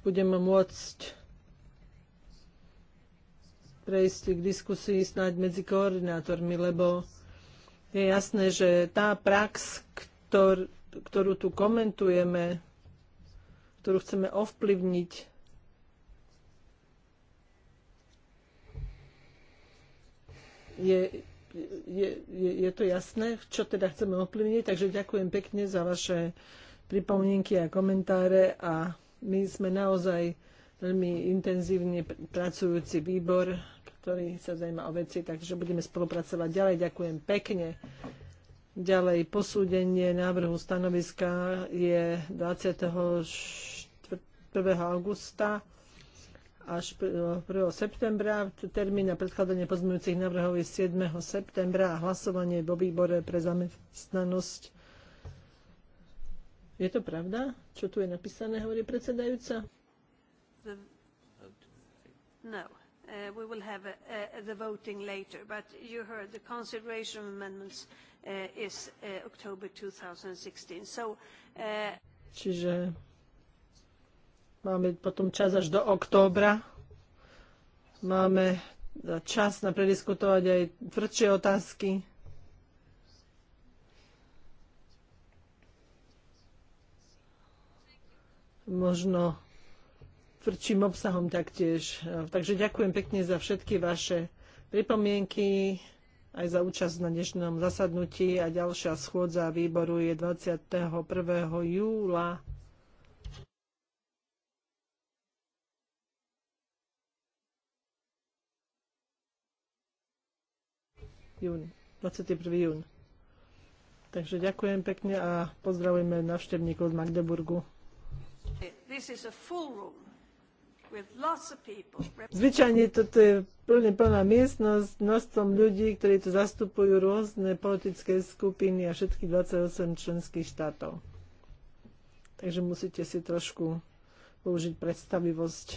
budeme môcť prejsť k diskusii snáď medzi koordinátormi, lebo je jasné, že tá prax, ktor, ktorú tu komentujeme, ktorú chceme ovplyvniť, je, je, je, je to jasné, čo teda chceme ovplyvniť. Takže ďakujem pekne za vaše pripomienky a komentáre a my sme naozaj veľmi intenzívne pracujúci výbor, ktorý sa zaujíma o veci, takže budeme spolupracovať ďalej. Ďakujem pekne. Ďalej posúdenie návrhu stanoviska je 21. augusta až 1. septembra. Termín na predkladanie pozmeňujúcich návrhov je 7. septembra a hlasovanie vo výbore pre zamestnanosť. Je to pravda, čo tu je napísané, hovorí predsedajúca? The, no. Uh, we will have a, uh, a, uh, the voting later, but you heard the consideration of amendments uh, is uh, October 2016. So, uh, Čiže Máme potom čas až do októbra. Máme e, čas na prediskutovať aj tvrdšie otázky. Možno tvrdším obsahom taktiež. E, takže ďakujem pekne za všetky vaše pripomienky, aj za účasť na dnešnom zasadnutí a ďalšia schôdza výboru je 21. júla. jún, 21. jún. Takže ďakujem pekne a pozdravujeme návštevníkov z Magdeburgu. Zvyčajne toto je plne plná miestnosť, množstvom ľudí, ktorí tu zastupujú rôzne politické skupiny a všetky 28 členských štátov. Takže musíte si trošku použiť predstavivosť.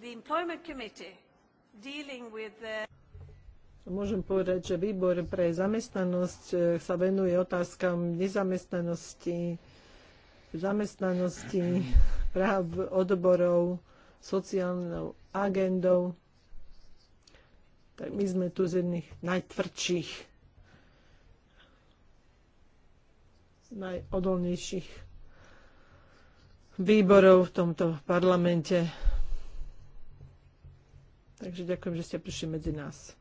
The Employment Committee Môžem povedať, že výbor pre zamestnanosť eh, sa venuje otázkam nezamestnanosti, zamestnanosti, práv odborov, sociálnou agendou. Tak my sme tu z jedných najtvrdších, najodolnejších výborov v tomto parlamente. Takže ďakujem, že ste prišli medzi nás.